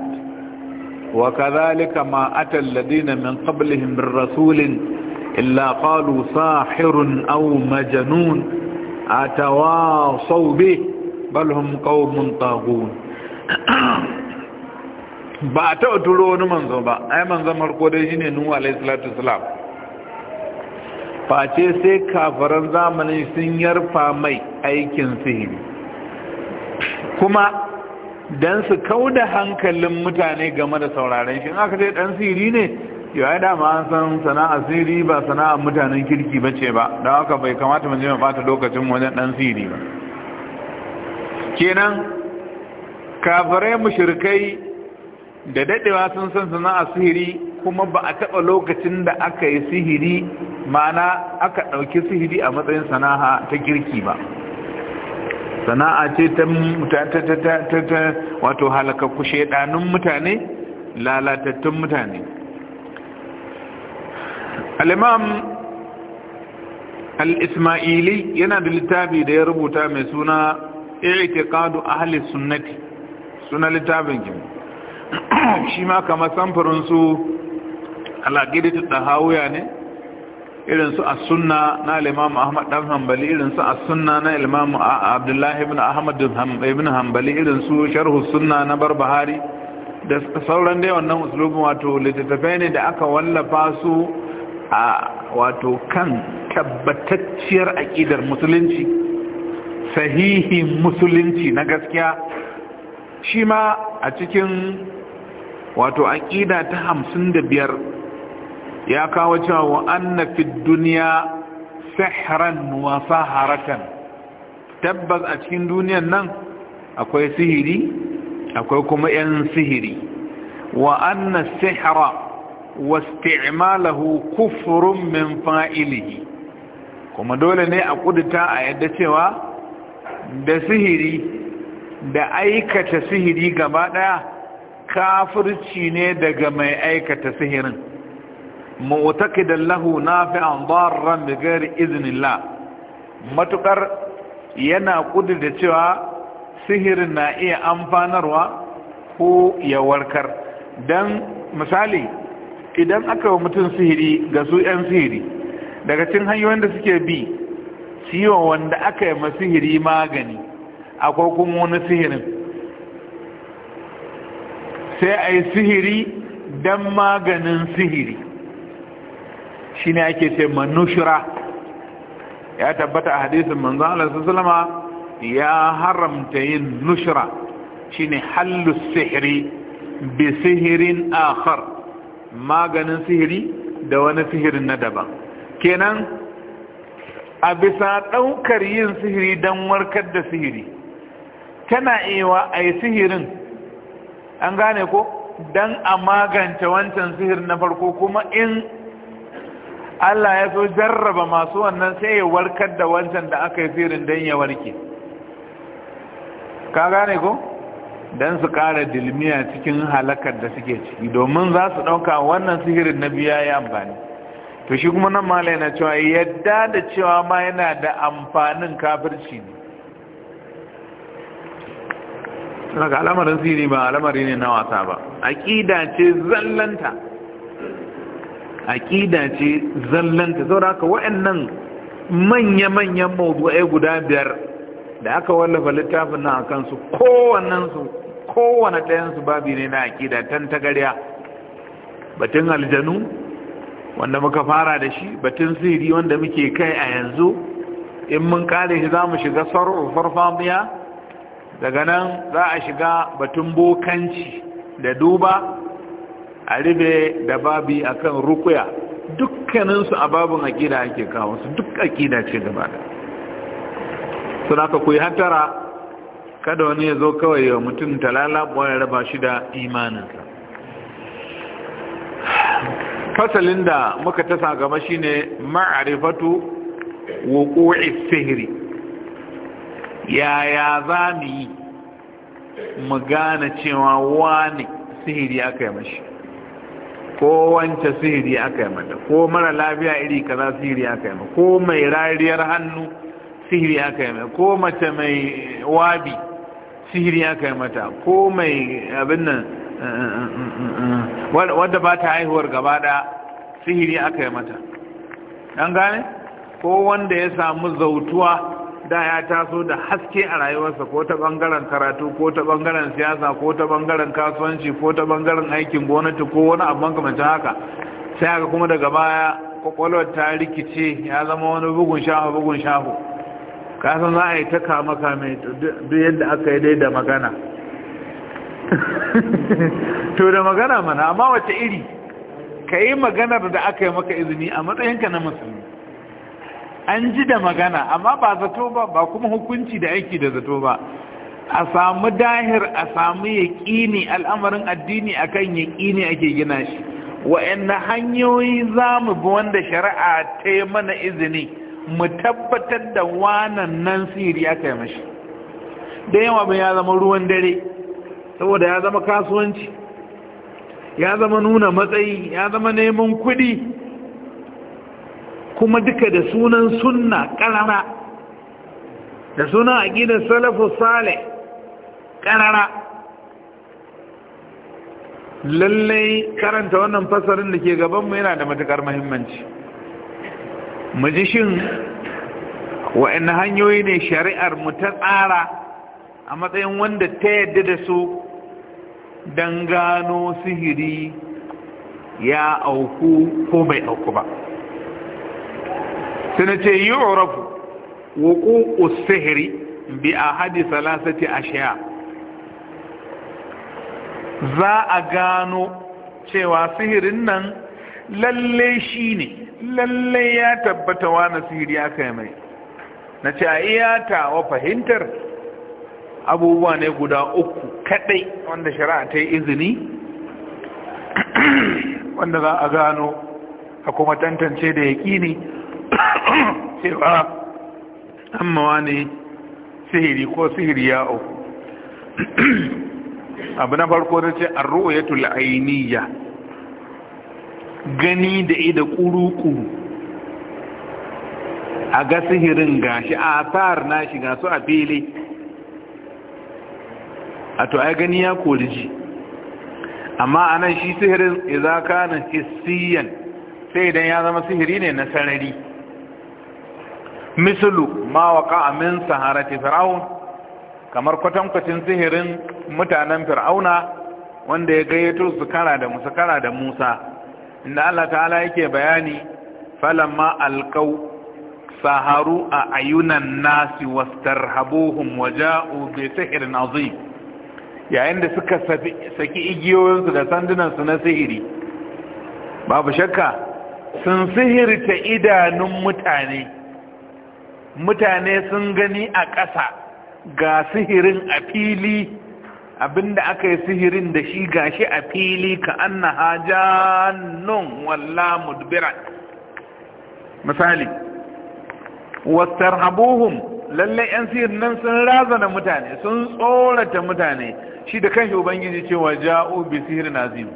wa kadhalika ma atal ladina min qablihim bir rasulin illa qalu sahirun aw majnun atawasaw bih bal hum qaumun taghun ba ta turo wani manzo ba ai manzo farko dai shine nuhu alaihi salatu wassalam face sai kafaran zamani sun yarfa mai aikin sihiri kuma don su kau da hankalin mutane game da sauraren shi aka ce dan sihiri ne yawai dama an san sana'a sihiri ba sana'a mutanen kirki ba ce ba don haka bai kamata mu je mu bata lokacin wajen dan sihiri ba kenan kafare mushrikai da dadewa sun san sana'a sihiri kuma ba a taba lokacin da aka yi sihiri ma'ana aka ɗauki sihiri a matsayin sana'a ta girki ba sana'a ce ta wato halakakku shaidanun mutane lalatattun mutane al'imam al'ismaili yana da littafi da ya rubuta mai suna a ahli sunnati suna littafin kim shi ma kama samfurinsu ta ɗahawuya ne irin su as-sunna na al-imam Ahmad dan Hanbali irin su as-sunna na al-imam Abdullah ibn Ahmad ibn Hanbali irin su sharh sunna na Barbahari da sauran dai wannan uslubin wato littattafai ne da aka wallafa su a wato kan tabbatacciyar aƙidar musulunci sahihin musulunci na gaskiya shi ma a cikin wato aƙida ta hamsin da biyar ya kawo cewa wa anna fid dunya sihran wa saharatan tabbas a cikin duniyan nan akwai sihiri akwai kuma yan sihiri wa anna sihra wa isti'malahu kufrun min fa'ilihi kuma dole ne a kudita a yadda cewa da sihiri da aikata sihiri gaba daya kafirci ne daga mai aikata sihirin mu'taqidan lahu nafi'an darran bi ghairi iznillah matukar yana da cewa sihirin na iya amfanarwa ko ya warkar dan misali idan aka wa mutum sihiri ga su 'yan sihiri daga cin hanyoyin da suke bi ciwo wanda aka yi masihiri magani akwai kuma wani sihirin sai a yi sihiri don maganin sihiri shine ake ce manushura ya tabbata a hadisin manzo Allah sallama ya haramta yin nushra ne hallu sihiri bi sihirin akhar maganin sihiri da wani sihirin na daban kenan a bisa ɗaukar yin sihiri don warkar da sihiri tana iya a yi sihirin an gane ko don a magance wancan sihirin na farko kuma in Allah ya so jarraba masu wannan sai ya warkar da wancan da aka yi siirin don ya warke ka gane ko don su kara dilmiya cikin halakar da suke ciki domin za su ɗauka wannan sihirin na biya ya amfani to shi kuma nan malai na cewa yadda da cewa ma yana da amfanin kafirci ne ga al'amarin sihiri ba al'amari ne na wasa ba aƙida ce zallanta aƙida ce zallanta saboda haka waɗannan manya-manyan mawdu'ai guda biyar da aka wallafa littafin nan akan su kowannen su kowanne ɗayan su babi ne na aƙida tan gariya batun aljanu wanda muka fara da shi batun sihiri wanda muke kai a yanzu in mun kare shi za mu shiga sar'u farfamiya daga nan za a shiga batun bokanci da duba a ribe da babi akan rukuya dukkaninsu a babin akida ake kawo su duk akida ce gaba da suna ka kuyi hantara kada wani ya zo kawai yawa mutum talala ya raba shi da imaninsa fasalin da muka tasa gaba shine ma'arifatu wuqu'is sihiri yaya za mu yi mu gane cewa wani sihiri aka yi mashi ko wance sihiri aka yi mata ko mara lafiya iri kaza sihiri aka yi mata ko mai rariyar hannu sihiri aka yi mata ko mace mai wabi sihiri aka yi mata ko mai abin nan wadda ba ta haihuwar gaba da sihiri aka yi mata an gane ko wanda ya samu zautuwa da ya taso da haske a rayuwarsa ko ta bangaren karatu ko ta bangaren siyasa ko ta bangaren kasuwanci ko ta bangaren aikin gwamnati ko wani kamar makamancin haka sai haka kuma daga baya kwakwalwar ta rikice ya zama wani bugun shahu bugun shahu san za a yi ta kama kame duk yadda aka yi dai da magana to da magana mana amma wata iri ka yi maganar da aka yi maka izini a matsayinka na musulmi an ji da magana amma ba zato ba ba kuma hukunci da aiki da zato ba a samu dahir a samu yaƙini al'amarin addini akan yaƙini ake gina shi wa'anne hanyoyi za mu bi wanda shari'a ta yi mana izini mu tabbatar da wanan nan siri aka yi mashi da yawa ba ya zama ruwan dare saboda ya zama kasuwanci ya zama nuna matsayi ya zama neman kuɗi kuma duka da sunan sunna karara da sunan gidan salafu sale ƙarara lallai karanta wannan fasarin da ke gaban mu yana da matuƙar mahimmanci majishin shin wa'in hanyoyi ne shari'ar mu ta tsara a matsayin wanda ta yadda da su dan gano sihiri ya auku ko bai auku ba sai na ce yi urafu wuku usihiri bi a hadi salasati ashiya za a gano cewa sihirin nan lalle shi ne lalle ya tabbata wani sihiri ya kai mai na ce a iya tawa fahimtar abubuwa ne guda uku kadai wanda shari'a ta yi izini wanda za a gano a kuma tantance da yaƙini cewa mawa ne sihiri ko sihiri ya auku abu na farko na ce tula ainiya gani da ida kuru-kuru a ga sihirin gashi a tsar na shiga su a fili a to ai gani ya ji. amma anan shi sihirin izaka na hissiyan sai idan ya zama sihiri ne na sarari mislu ma waqa min saharati fir'aun kamar kwatankwacin sihirin mutanen fir'auna wanda ya gayyato su kara da musa kara da musa inda Allah ta'ala yake bayani falamma alqau saharu a ayunan nasi wastarhabuhum waja'u bi sihirin azim yayin da suka saki igiyoyinsu da sandunansu na sihiri babu shakka sun sihirta idanun mutane mutane sun gani a ƙasa ga sihirin a fili abinda aka yi sihirin da shi gashi a fili ka anna hajjannun walla mudbiran misali wastar habuhun lallai yan sihirin nan sun razana mutane sun tsorata mutane shi da kanshi ubangiji cewa ja'u bi sihirin azim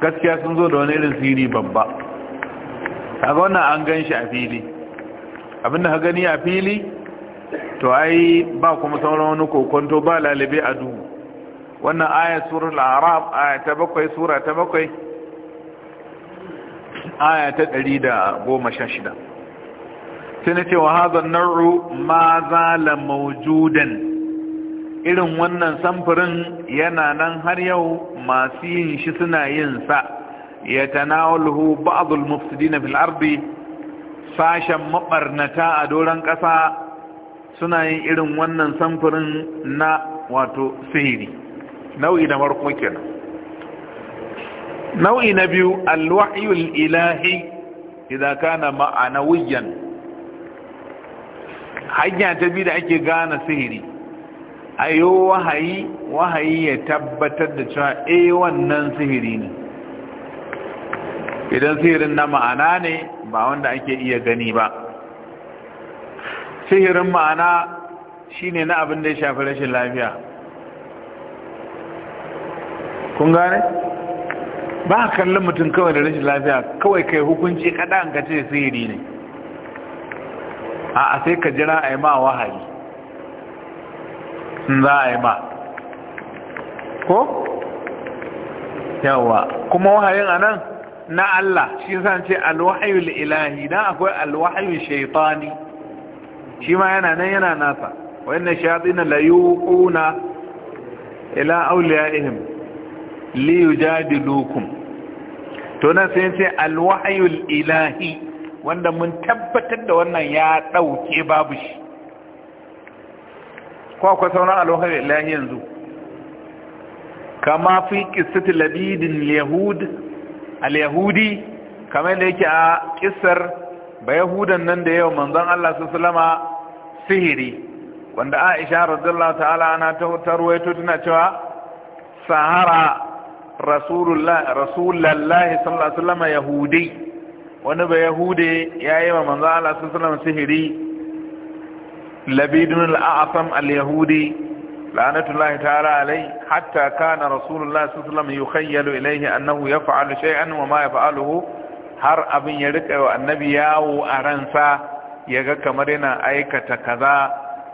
gaskiya sun zo da wani irin sihiri babba ga wannan an gan shi a fili abinda ka gani a fili to ai ba kuma sauran wani kokonto ba lalibe a duhu wannan aya surul arab aya ta bakwai sura ta bakwai aya ta ɗari da goma sha shida sai na ce wa nar'u ma zala maujudan irin wannan samfurin yana nan har yau masu yin shi suna yin sa ya tanawulhu ba'dul mufsidina fil ardi sashen maɓarnata a doron ƙasa suna yin irin wannan samfurin na wato sihiri nau'i na farko kenan nau'i na biyu alwahyul ilahi idza kana hanya ta biyu da ake gane sihiri ayo wahayi wahayi ya tabbatar da cewa eh wannan sihiri ne idan sihirin na ma'ana ne ba wanda ake iya gani ba sihirin ma'ana shine na abin da ya shafi rashin lafiya kun gane ba kallon mutum kawai da rashin lafiya kawai kai hukunci kaɗan ka ce sihiri ne a sai ka jira a yi ma wahayi sun za a yi ma ko yawa kuma wahayin a nan na Allah shi yasa ce alwahayul ilahi dan akwai alwahayu shaytani shi ma yana nan yana nasa wa inna shayatin la yuquna ila awliyaihim li yujadilukum to nan sai ce alwahayul ilahi wanda mun tabbatar da wannan ya dauke babu shi ko akwai sauran alwahayul ilahi yanzu kama fi qissati labidin yahud al-yahudi kamar da yake a kissar ba yahudan nan da yau manzon Allah sallama sihiri wanda Aisha radiyallahu ta'ala ana ta ruwaito tana cewa sahara rasulullah rasulullahi sallallahu alaihi wasallam yahudi wani ba yahude yayi wa manzon Allah sallallahu alaihi sihiri labidun al-a'sam al-yahudi la'anatullahi ta'ala alai hatta kana rasulullah sallallahu alaihi wasallam yukhayyalu ilayhi annahu yaf'alu shay'an wa ma yaf'aluhu har abin ya rike wa annabi yawo a ransa yaga kamar yana aikata kaza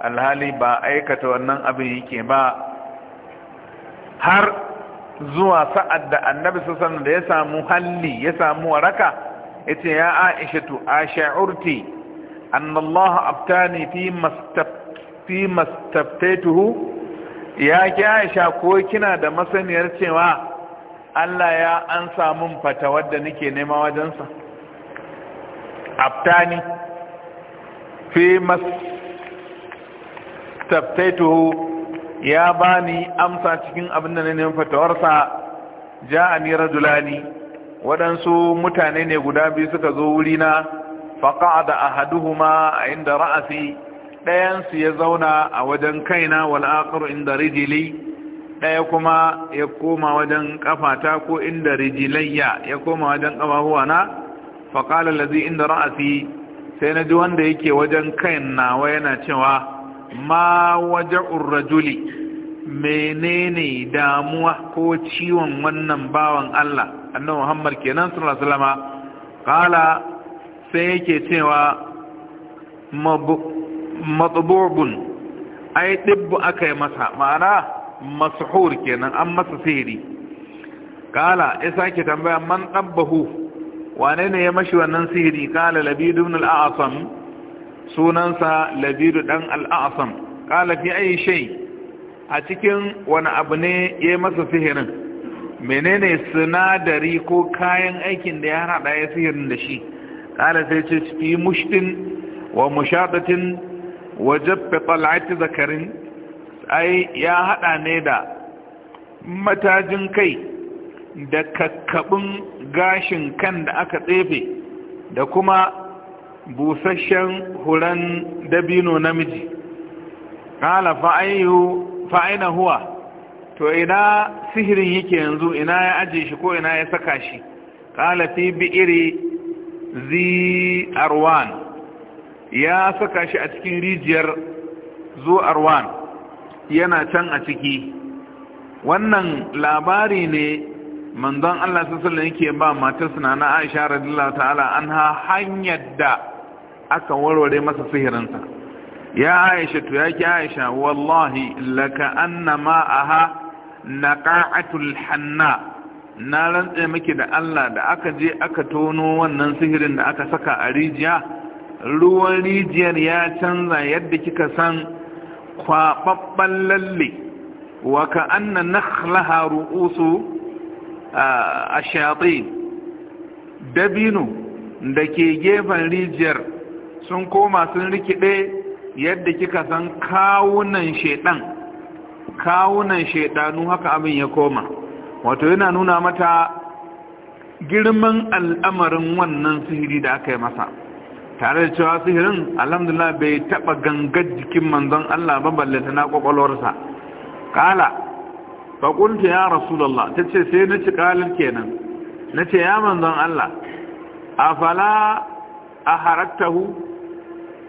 alhali ba aikata wannan abin yake ba har zuwa sa'ad da annabi sallallahu da ya samu halli ya samu waraka yace ya Aisha tu asha'urti anna Allah aftani fi mastaf fi mastaftatuhu ya ki aisha ko kina da masaniyar cewa Allah ya an samun fata wadda nake nema wajensa aftani fi mastaftaituhu ya bani amsa cikin abin da na neman fatawarsa ja'ani rajulani waɗansu mutane ne guda biyu suka zo wurina faqa'ada ahaduhuma inda ra'asi ɗayansu ya zauna a wajen kaina wal'akar inda rijili ɗaya kuma ya koma wajen ƙafata ko inda rijilayya ya koma wajen ƙafafuwa na faƙalar lazi inda ra'asi sai na ji wanda yake wajen kain nawa yana cewa ma waje urrajuli menene damuwa ko ciwon wannan bawan Allah annabi Muhammad kenan sallallahu alaihi wasallama kala sai yake cewa mabu matsubobin ai ɗibbu aka yi masa ma'ana masuhur kenan an masa sihiri kala ya sake tambaya man ɗabbahu wane ne ya mashi wannan sihiri kala labidu ibn al'asam sunansa labidu ɗan al'asam kala fi ayi shai a cikin wani abu ne ya masa sihirin menene sinadari ko kayan aikin da ya haɗa ya sihirin da shi kala sai ce fi mushtin wa mushaɗatin wajen tsalati zakarin ai ya hada ne da matajin kai da kakkabin gashin kan da aka tsefe da kuma busasshen huran dabino namiji ƙala fa'ina huwa to ina sihirin yake yanzu ina ya aje shi ko ina ya saka shi ƙala fi bi'iri zi arwan ya saka shi a cikin rijiyar wan yana can a ciki wannan labari ne manzon Allah sassalin yake ba matarsa na na aisha radhiyallahu ta'ala an ha hanyar da aka warware masa sihirinsa ya aisha to yake aisha wallahi laka annama aha naqa'atul hanna na rantse miki da Allah da aka je aka tono wannan sihirin da aka saka a rijiya ruwan rijiyar ya canza yadda kika san kwaɓaɓɓen lalle wa ka anna halaha ru'usu a shaɗe dabino da ke gefen rijiyar sun koma sun rikide yadda kika san kawunan shaidan kawunan shaidanu haka abin ya koma wato yana nuna mata girman al'amarin wannan sihiri da aka yi masa tare da cewa sihirin alhamdulillah bai taba gangar jikin manzon Allah ba ta na kwakwalwarsa kala fa ya rasulullah tace sai na ci kalin kenan nace ya manzon Allah afala harattahu,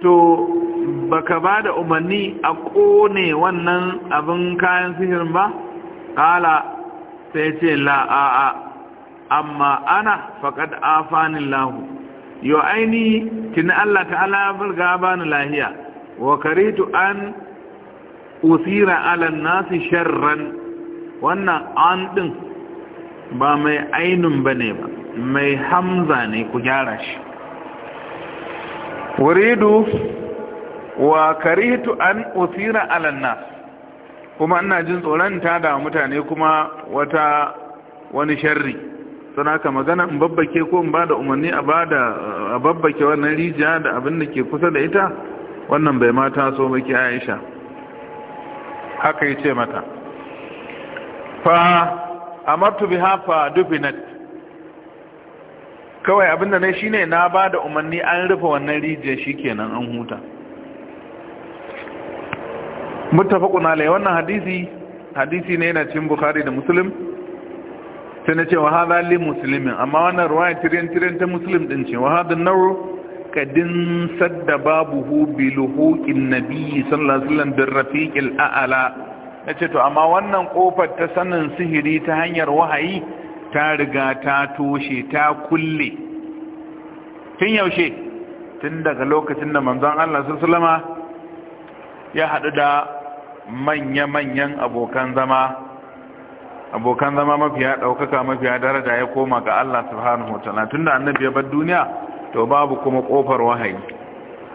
to baka ba da umarni a kone wannan abin kayan sihirin ba kala sai ce la amma ana faqad afanin lahu yo aini tuni Allah ta'ala bulga bani lahiya wa karitu an usira ala nasi sharran wannan an din ba mai ainun bane ba mai hamza ne ku gyara shi wuridu wa karitu an usira ala nas kuma ina jin tsoron da mutane kuma wata wani sharri sana haka magana in babbake ko in bada umarni a bada a babbake wannan rijiya da abin da ke kusa da ita wannan bai mata so maki Aisha haka yace mata fa amartu biha fa dubinat kawai abin da ne shine na bada umarni an rufe wannan rijiya shikenan an huta muttafaqun alai wannan hadisi hadisi ne yana cikin Bukhari da Muslim sai na ce wa hada li muslimin amma wannan ruwaya tirin tirin ta muslim din ce wa hada nauru kadin sadda hu bi luhuqin nabi sallallahu alaihi wasallam bir rafiqil a'la nace to amma wannan kofar ta sanin sihiri ta hanyar wahayi ta riga ta toshe ta kulle tun yaushe tun daga lokacin da manzon Allah sallallahu alaihi wasallama ya hadu da manya-manyan abokan zama abokan zama mafiya ɗaukaka mafiya daraja ya koma ga Allah subhanahu wa ta'ala tunda annabi ya bar duniya to babu kuma kofar wahayi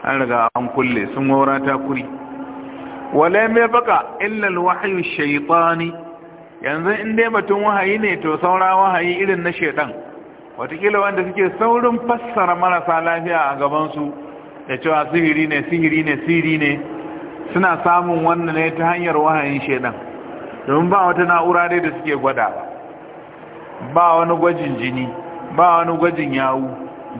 an riga an kulle sun wara ta kuri wala mai baka illa alwahyu shaytani yanzu in dai batun wahayi ne to saura wahayi irin na shaiɗan. watakila wanda suke saurin fassara marasa lafiya a gaban su da cewa sihiri ne sihiri ne sihiri ne suna samun wannan ne ta hanyar wahayin shaytan domin ba wata na'ura dai da suke gwada ba wani gwajin jini ba wani gwajin yawu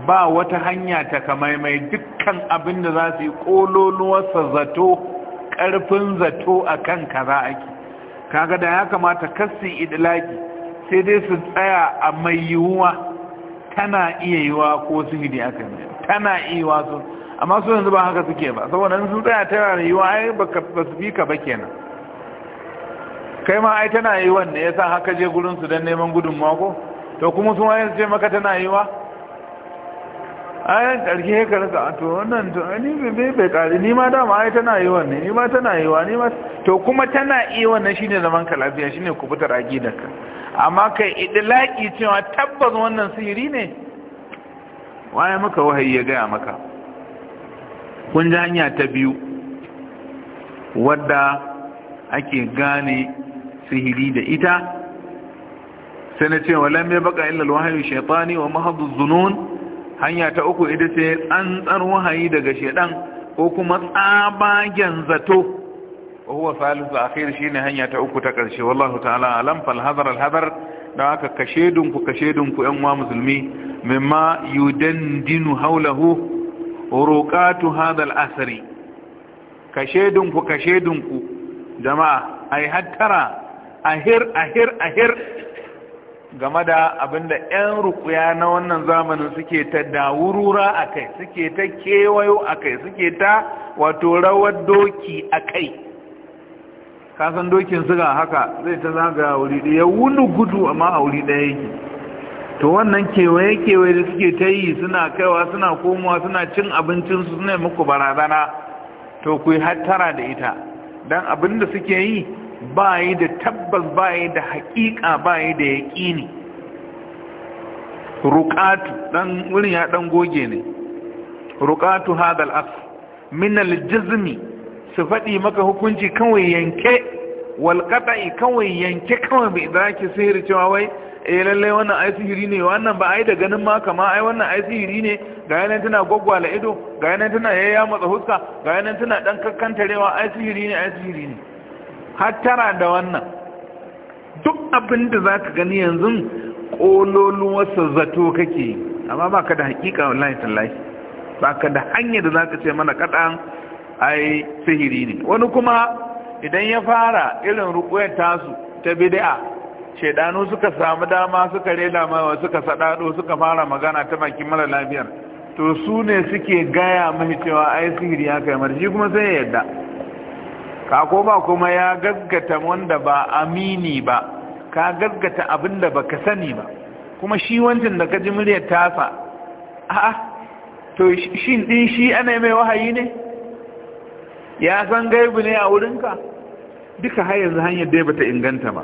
ba wata hanya ta kamaimai dukkan abin da za su yi zato ƙarfin zato a kaza ake kaga da ya kamata kasi idilaki sai dai su tsaya a mai yiwuwa tana iya yiwa ko su hidi aka ne tana iya amma su yanzu ba haka suke ba saboda sun tsaya tana yiwuwa ai ba su fi ka ba kenan kai ma ai tana yi wanne ya sa haka je gurinsu don neman gudun mako to kuma su ma yanzu ce maka tana yi wa ayan ƙarfi ya a to wannan to ni bai bai ƙari ni ma dama ai tana yi wanne ni ma tana yi wa ni ma to kuma tana yi wannan shine zaman ka lafiya shine ku fitar aqidarka amma kai idlaki cewa tabbas wannan sihiri ne waye maka wahayi ya gaya maka kun ji hanya ta biyu wadda ake gane sihiri da ita sai na ce walam ya baka illal wahayu shaytani wa mahadu zunun hanya ta uku ita ce tsantsar wahayi daga shaidan ko kuma tsabagen zato wa huwa salisu akhir shine hanya ta uku ta karshe wallahu ta'ala alam fal hadar al hadar da aka kashe dunku kashe dunku yan musulmi mimma yudandinu haulahu ruqatu hadha al asri kashe dunku kashe dunku jama'a ai hattara ahir ahir ahir game da abinda 'yan rukuya na wannan zamanin suke ta dawurura a kai suke ta kewayo a kai suke ta wato rawar doki a kai kasan dokin suga haka zai ta zaga wuri ya wuni gudu amma a wuri daya yake to wannan kewaye-kewaye da suke ta yi suna kaiwa suna komowa suna cin abincinsu suna muku barazana to ku yi hattara da ita don abin da suke yi bayi da tabbas bayi da haƙiƙa bayi da yaƙini rukatu ɗan wurin ya ɗan goge ne rukatu hadal as min aljizmi su faɗi maka hukunci kawai yanke wal qata'i kawai yanke kawai bai zaki sihiri cewa wai eh lalle wannan ai sihiri ne wannan ba ai da ganin ma kama ai wannan ai sihiri ne ga yanan tana gwaggwala ido ga yanan tana yayya matsa huska ga yanan tana dan kakkantarewa ai sihiri ne ai sihiri ne har da wannan duk abin da za ka gani yanzu ƙololin wasu zato kake amma ba ka da hakika wallahi tallahi ba ka da hanyar da za ka ce mana kaɗan ai sihiri ne wani kuma idan ya fara irin rukuyar tasu ta bid'a shaidanu suka samu dama suka rela mawa suka saɗaɗo suka fara magana ta bakin mara lafiyar to su ne suke gaya mahi cewa ai sihiri ya kai marji kuma sai ya yadda ka ko ba kuma ya gaggata wanda ba amini ba ka gaggata abin da baka sani ba kuma shi wancan da ka ji muryar tasa a'a to shi din shi ana mai wahayi ne ya san gaibu ne a wurinka duka har yanzu hanyar dai bata inganta ba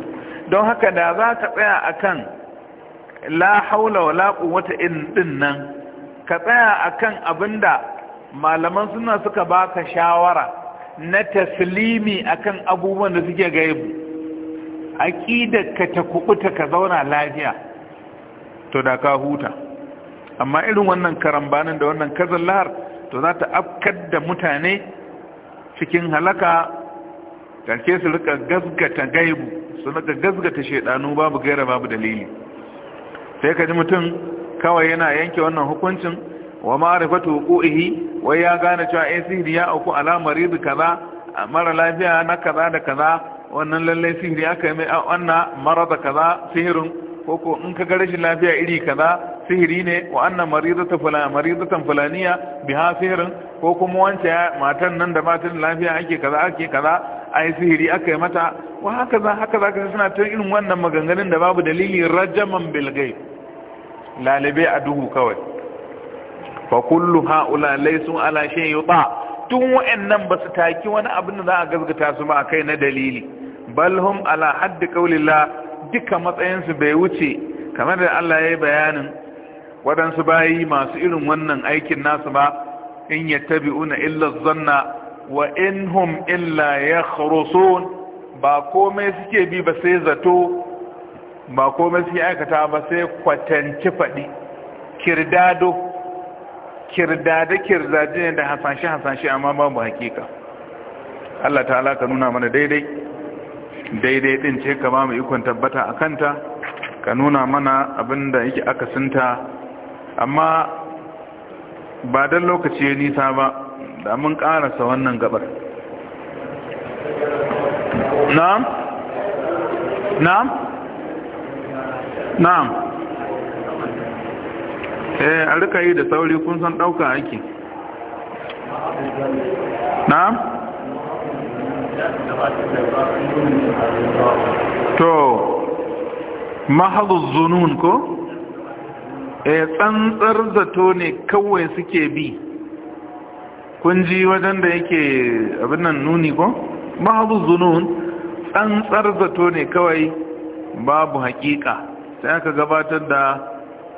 don haka da za ka tsaya a kan la haula wala quwwata in din nan ka tsaya akan abinda malaman suna suka baka shawara na taslimi akan abubuwan da suke gaibu aqidar ka ta kubuta ka zauna lafiya to da ka huta amma irin wannan karambanin da wannan kazan lahar to za ta afkar da mutane cikin halaka karshe su rika gasgata gaibu su rika gasgata shedanu babu gaira babu dalili sai ka ji mutum kawai yana yanke wannan hukuncin wa ma'rifatu wuqu'ihi wa ya gane cewa ai eh, sihiri ya auku ala marid kaza mara lafiya na kaza da kaza wannan lalle sihiri aka mai anna marada kaza sihirun ko ko in ka ga shi lafiya iri kaza sihiri ne wa anna maridatan fulani maridatan fulaniya biha sihirun ko kuma wance matan nan da matan lafiya ake kaza ake kaza ai sihiri aka yi mata wa haka za haka za ka suna ta irin wannan maganganun da babu dalili rajaman bilgai lalibai a duhu kawai fa kullu haula laysu ala shay yuta tun wayannan ba su taki wani abin da za a gazgata su ba kai na dalili bal hum ala haddi qaulillah duka matsayin bai wuce kamar da Allah ya yi bayanin waɗansu bayi masu irin wannan aikin nasu ba in una illa zanna wa in hum illa yakhrusun ba komai suke bi ba sai zato ba komai suke aikata ba sai kwatanci faɗi kirdado kirdade-kirdade ne da hasashe-hasashe amma babu hakika Allah ta'ala ka nuna mana daidai daidai din ce ka ba mu ikon tabbata a kanta ka nuna mana abin da yake akasinta amma ba don lokaci ya nisa ba da mun karasa wannan gabar na'am na'am na'am eh a rika yi da sauri kun san ɗauka aiki. na? to mahalus zunun ko? eh tsantsar zato ne kawai suke bi kun ji wajen da yake abin nan nuni ko? mahadu zunun tsantsar zato ne kawai babu hakika sai aka gabatar da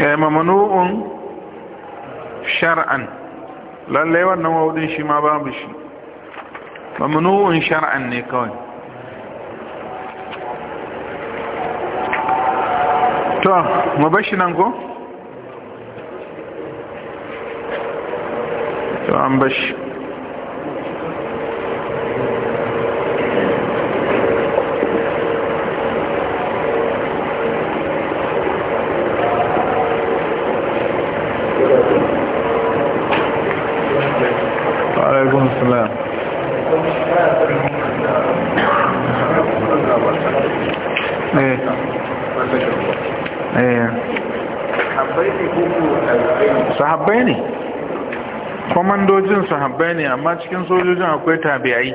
Eh, mamnu'un shar'an lallai wannan wawudin shi ma babu shi mamnu'un shar'an ne kawai to mu bashi nan ko to an bashi komandojin sahabbai ne amma cikin sojojin akwai tabi'ai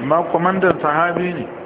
amma kwamandan sahabi ne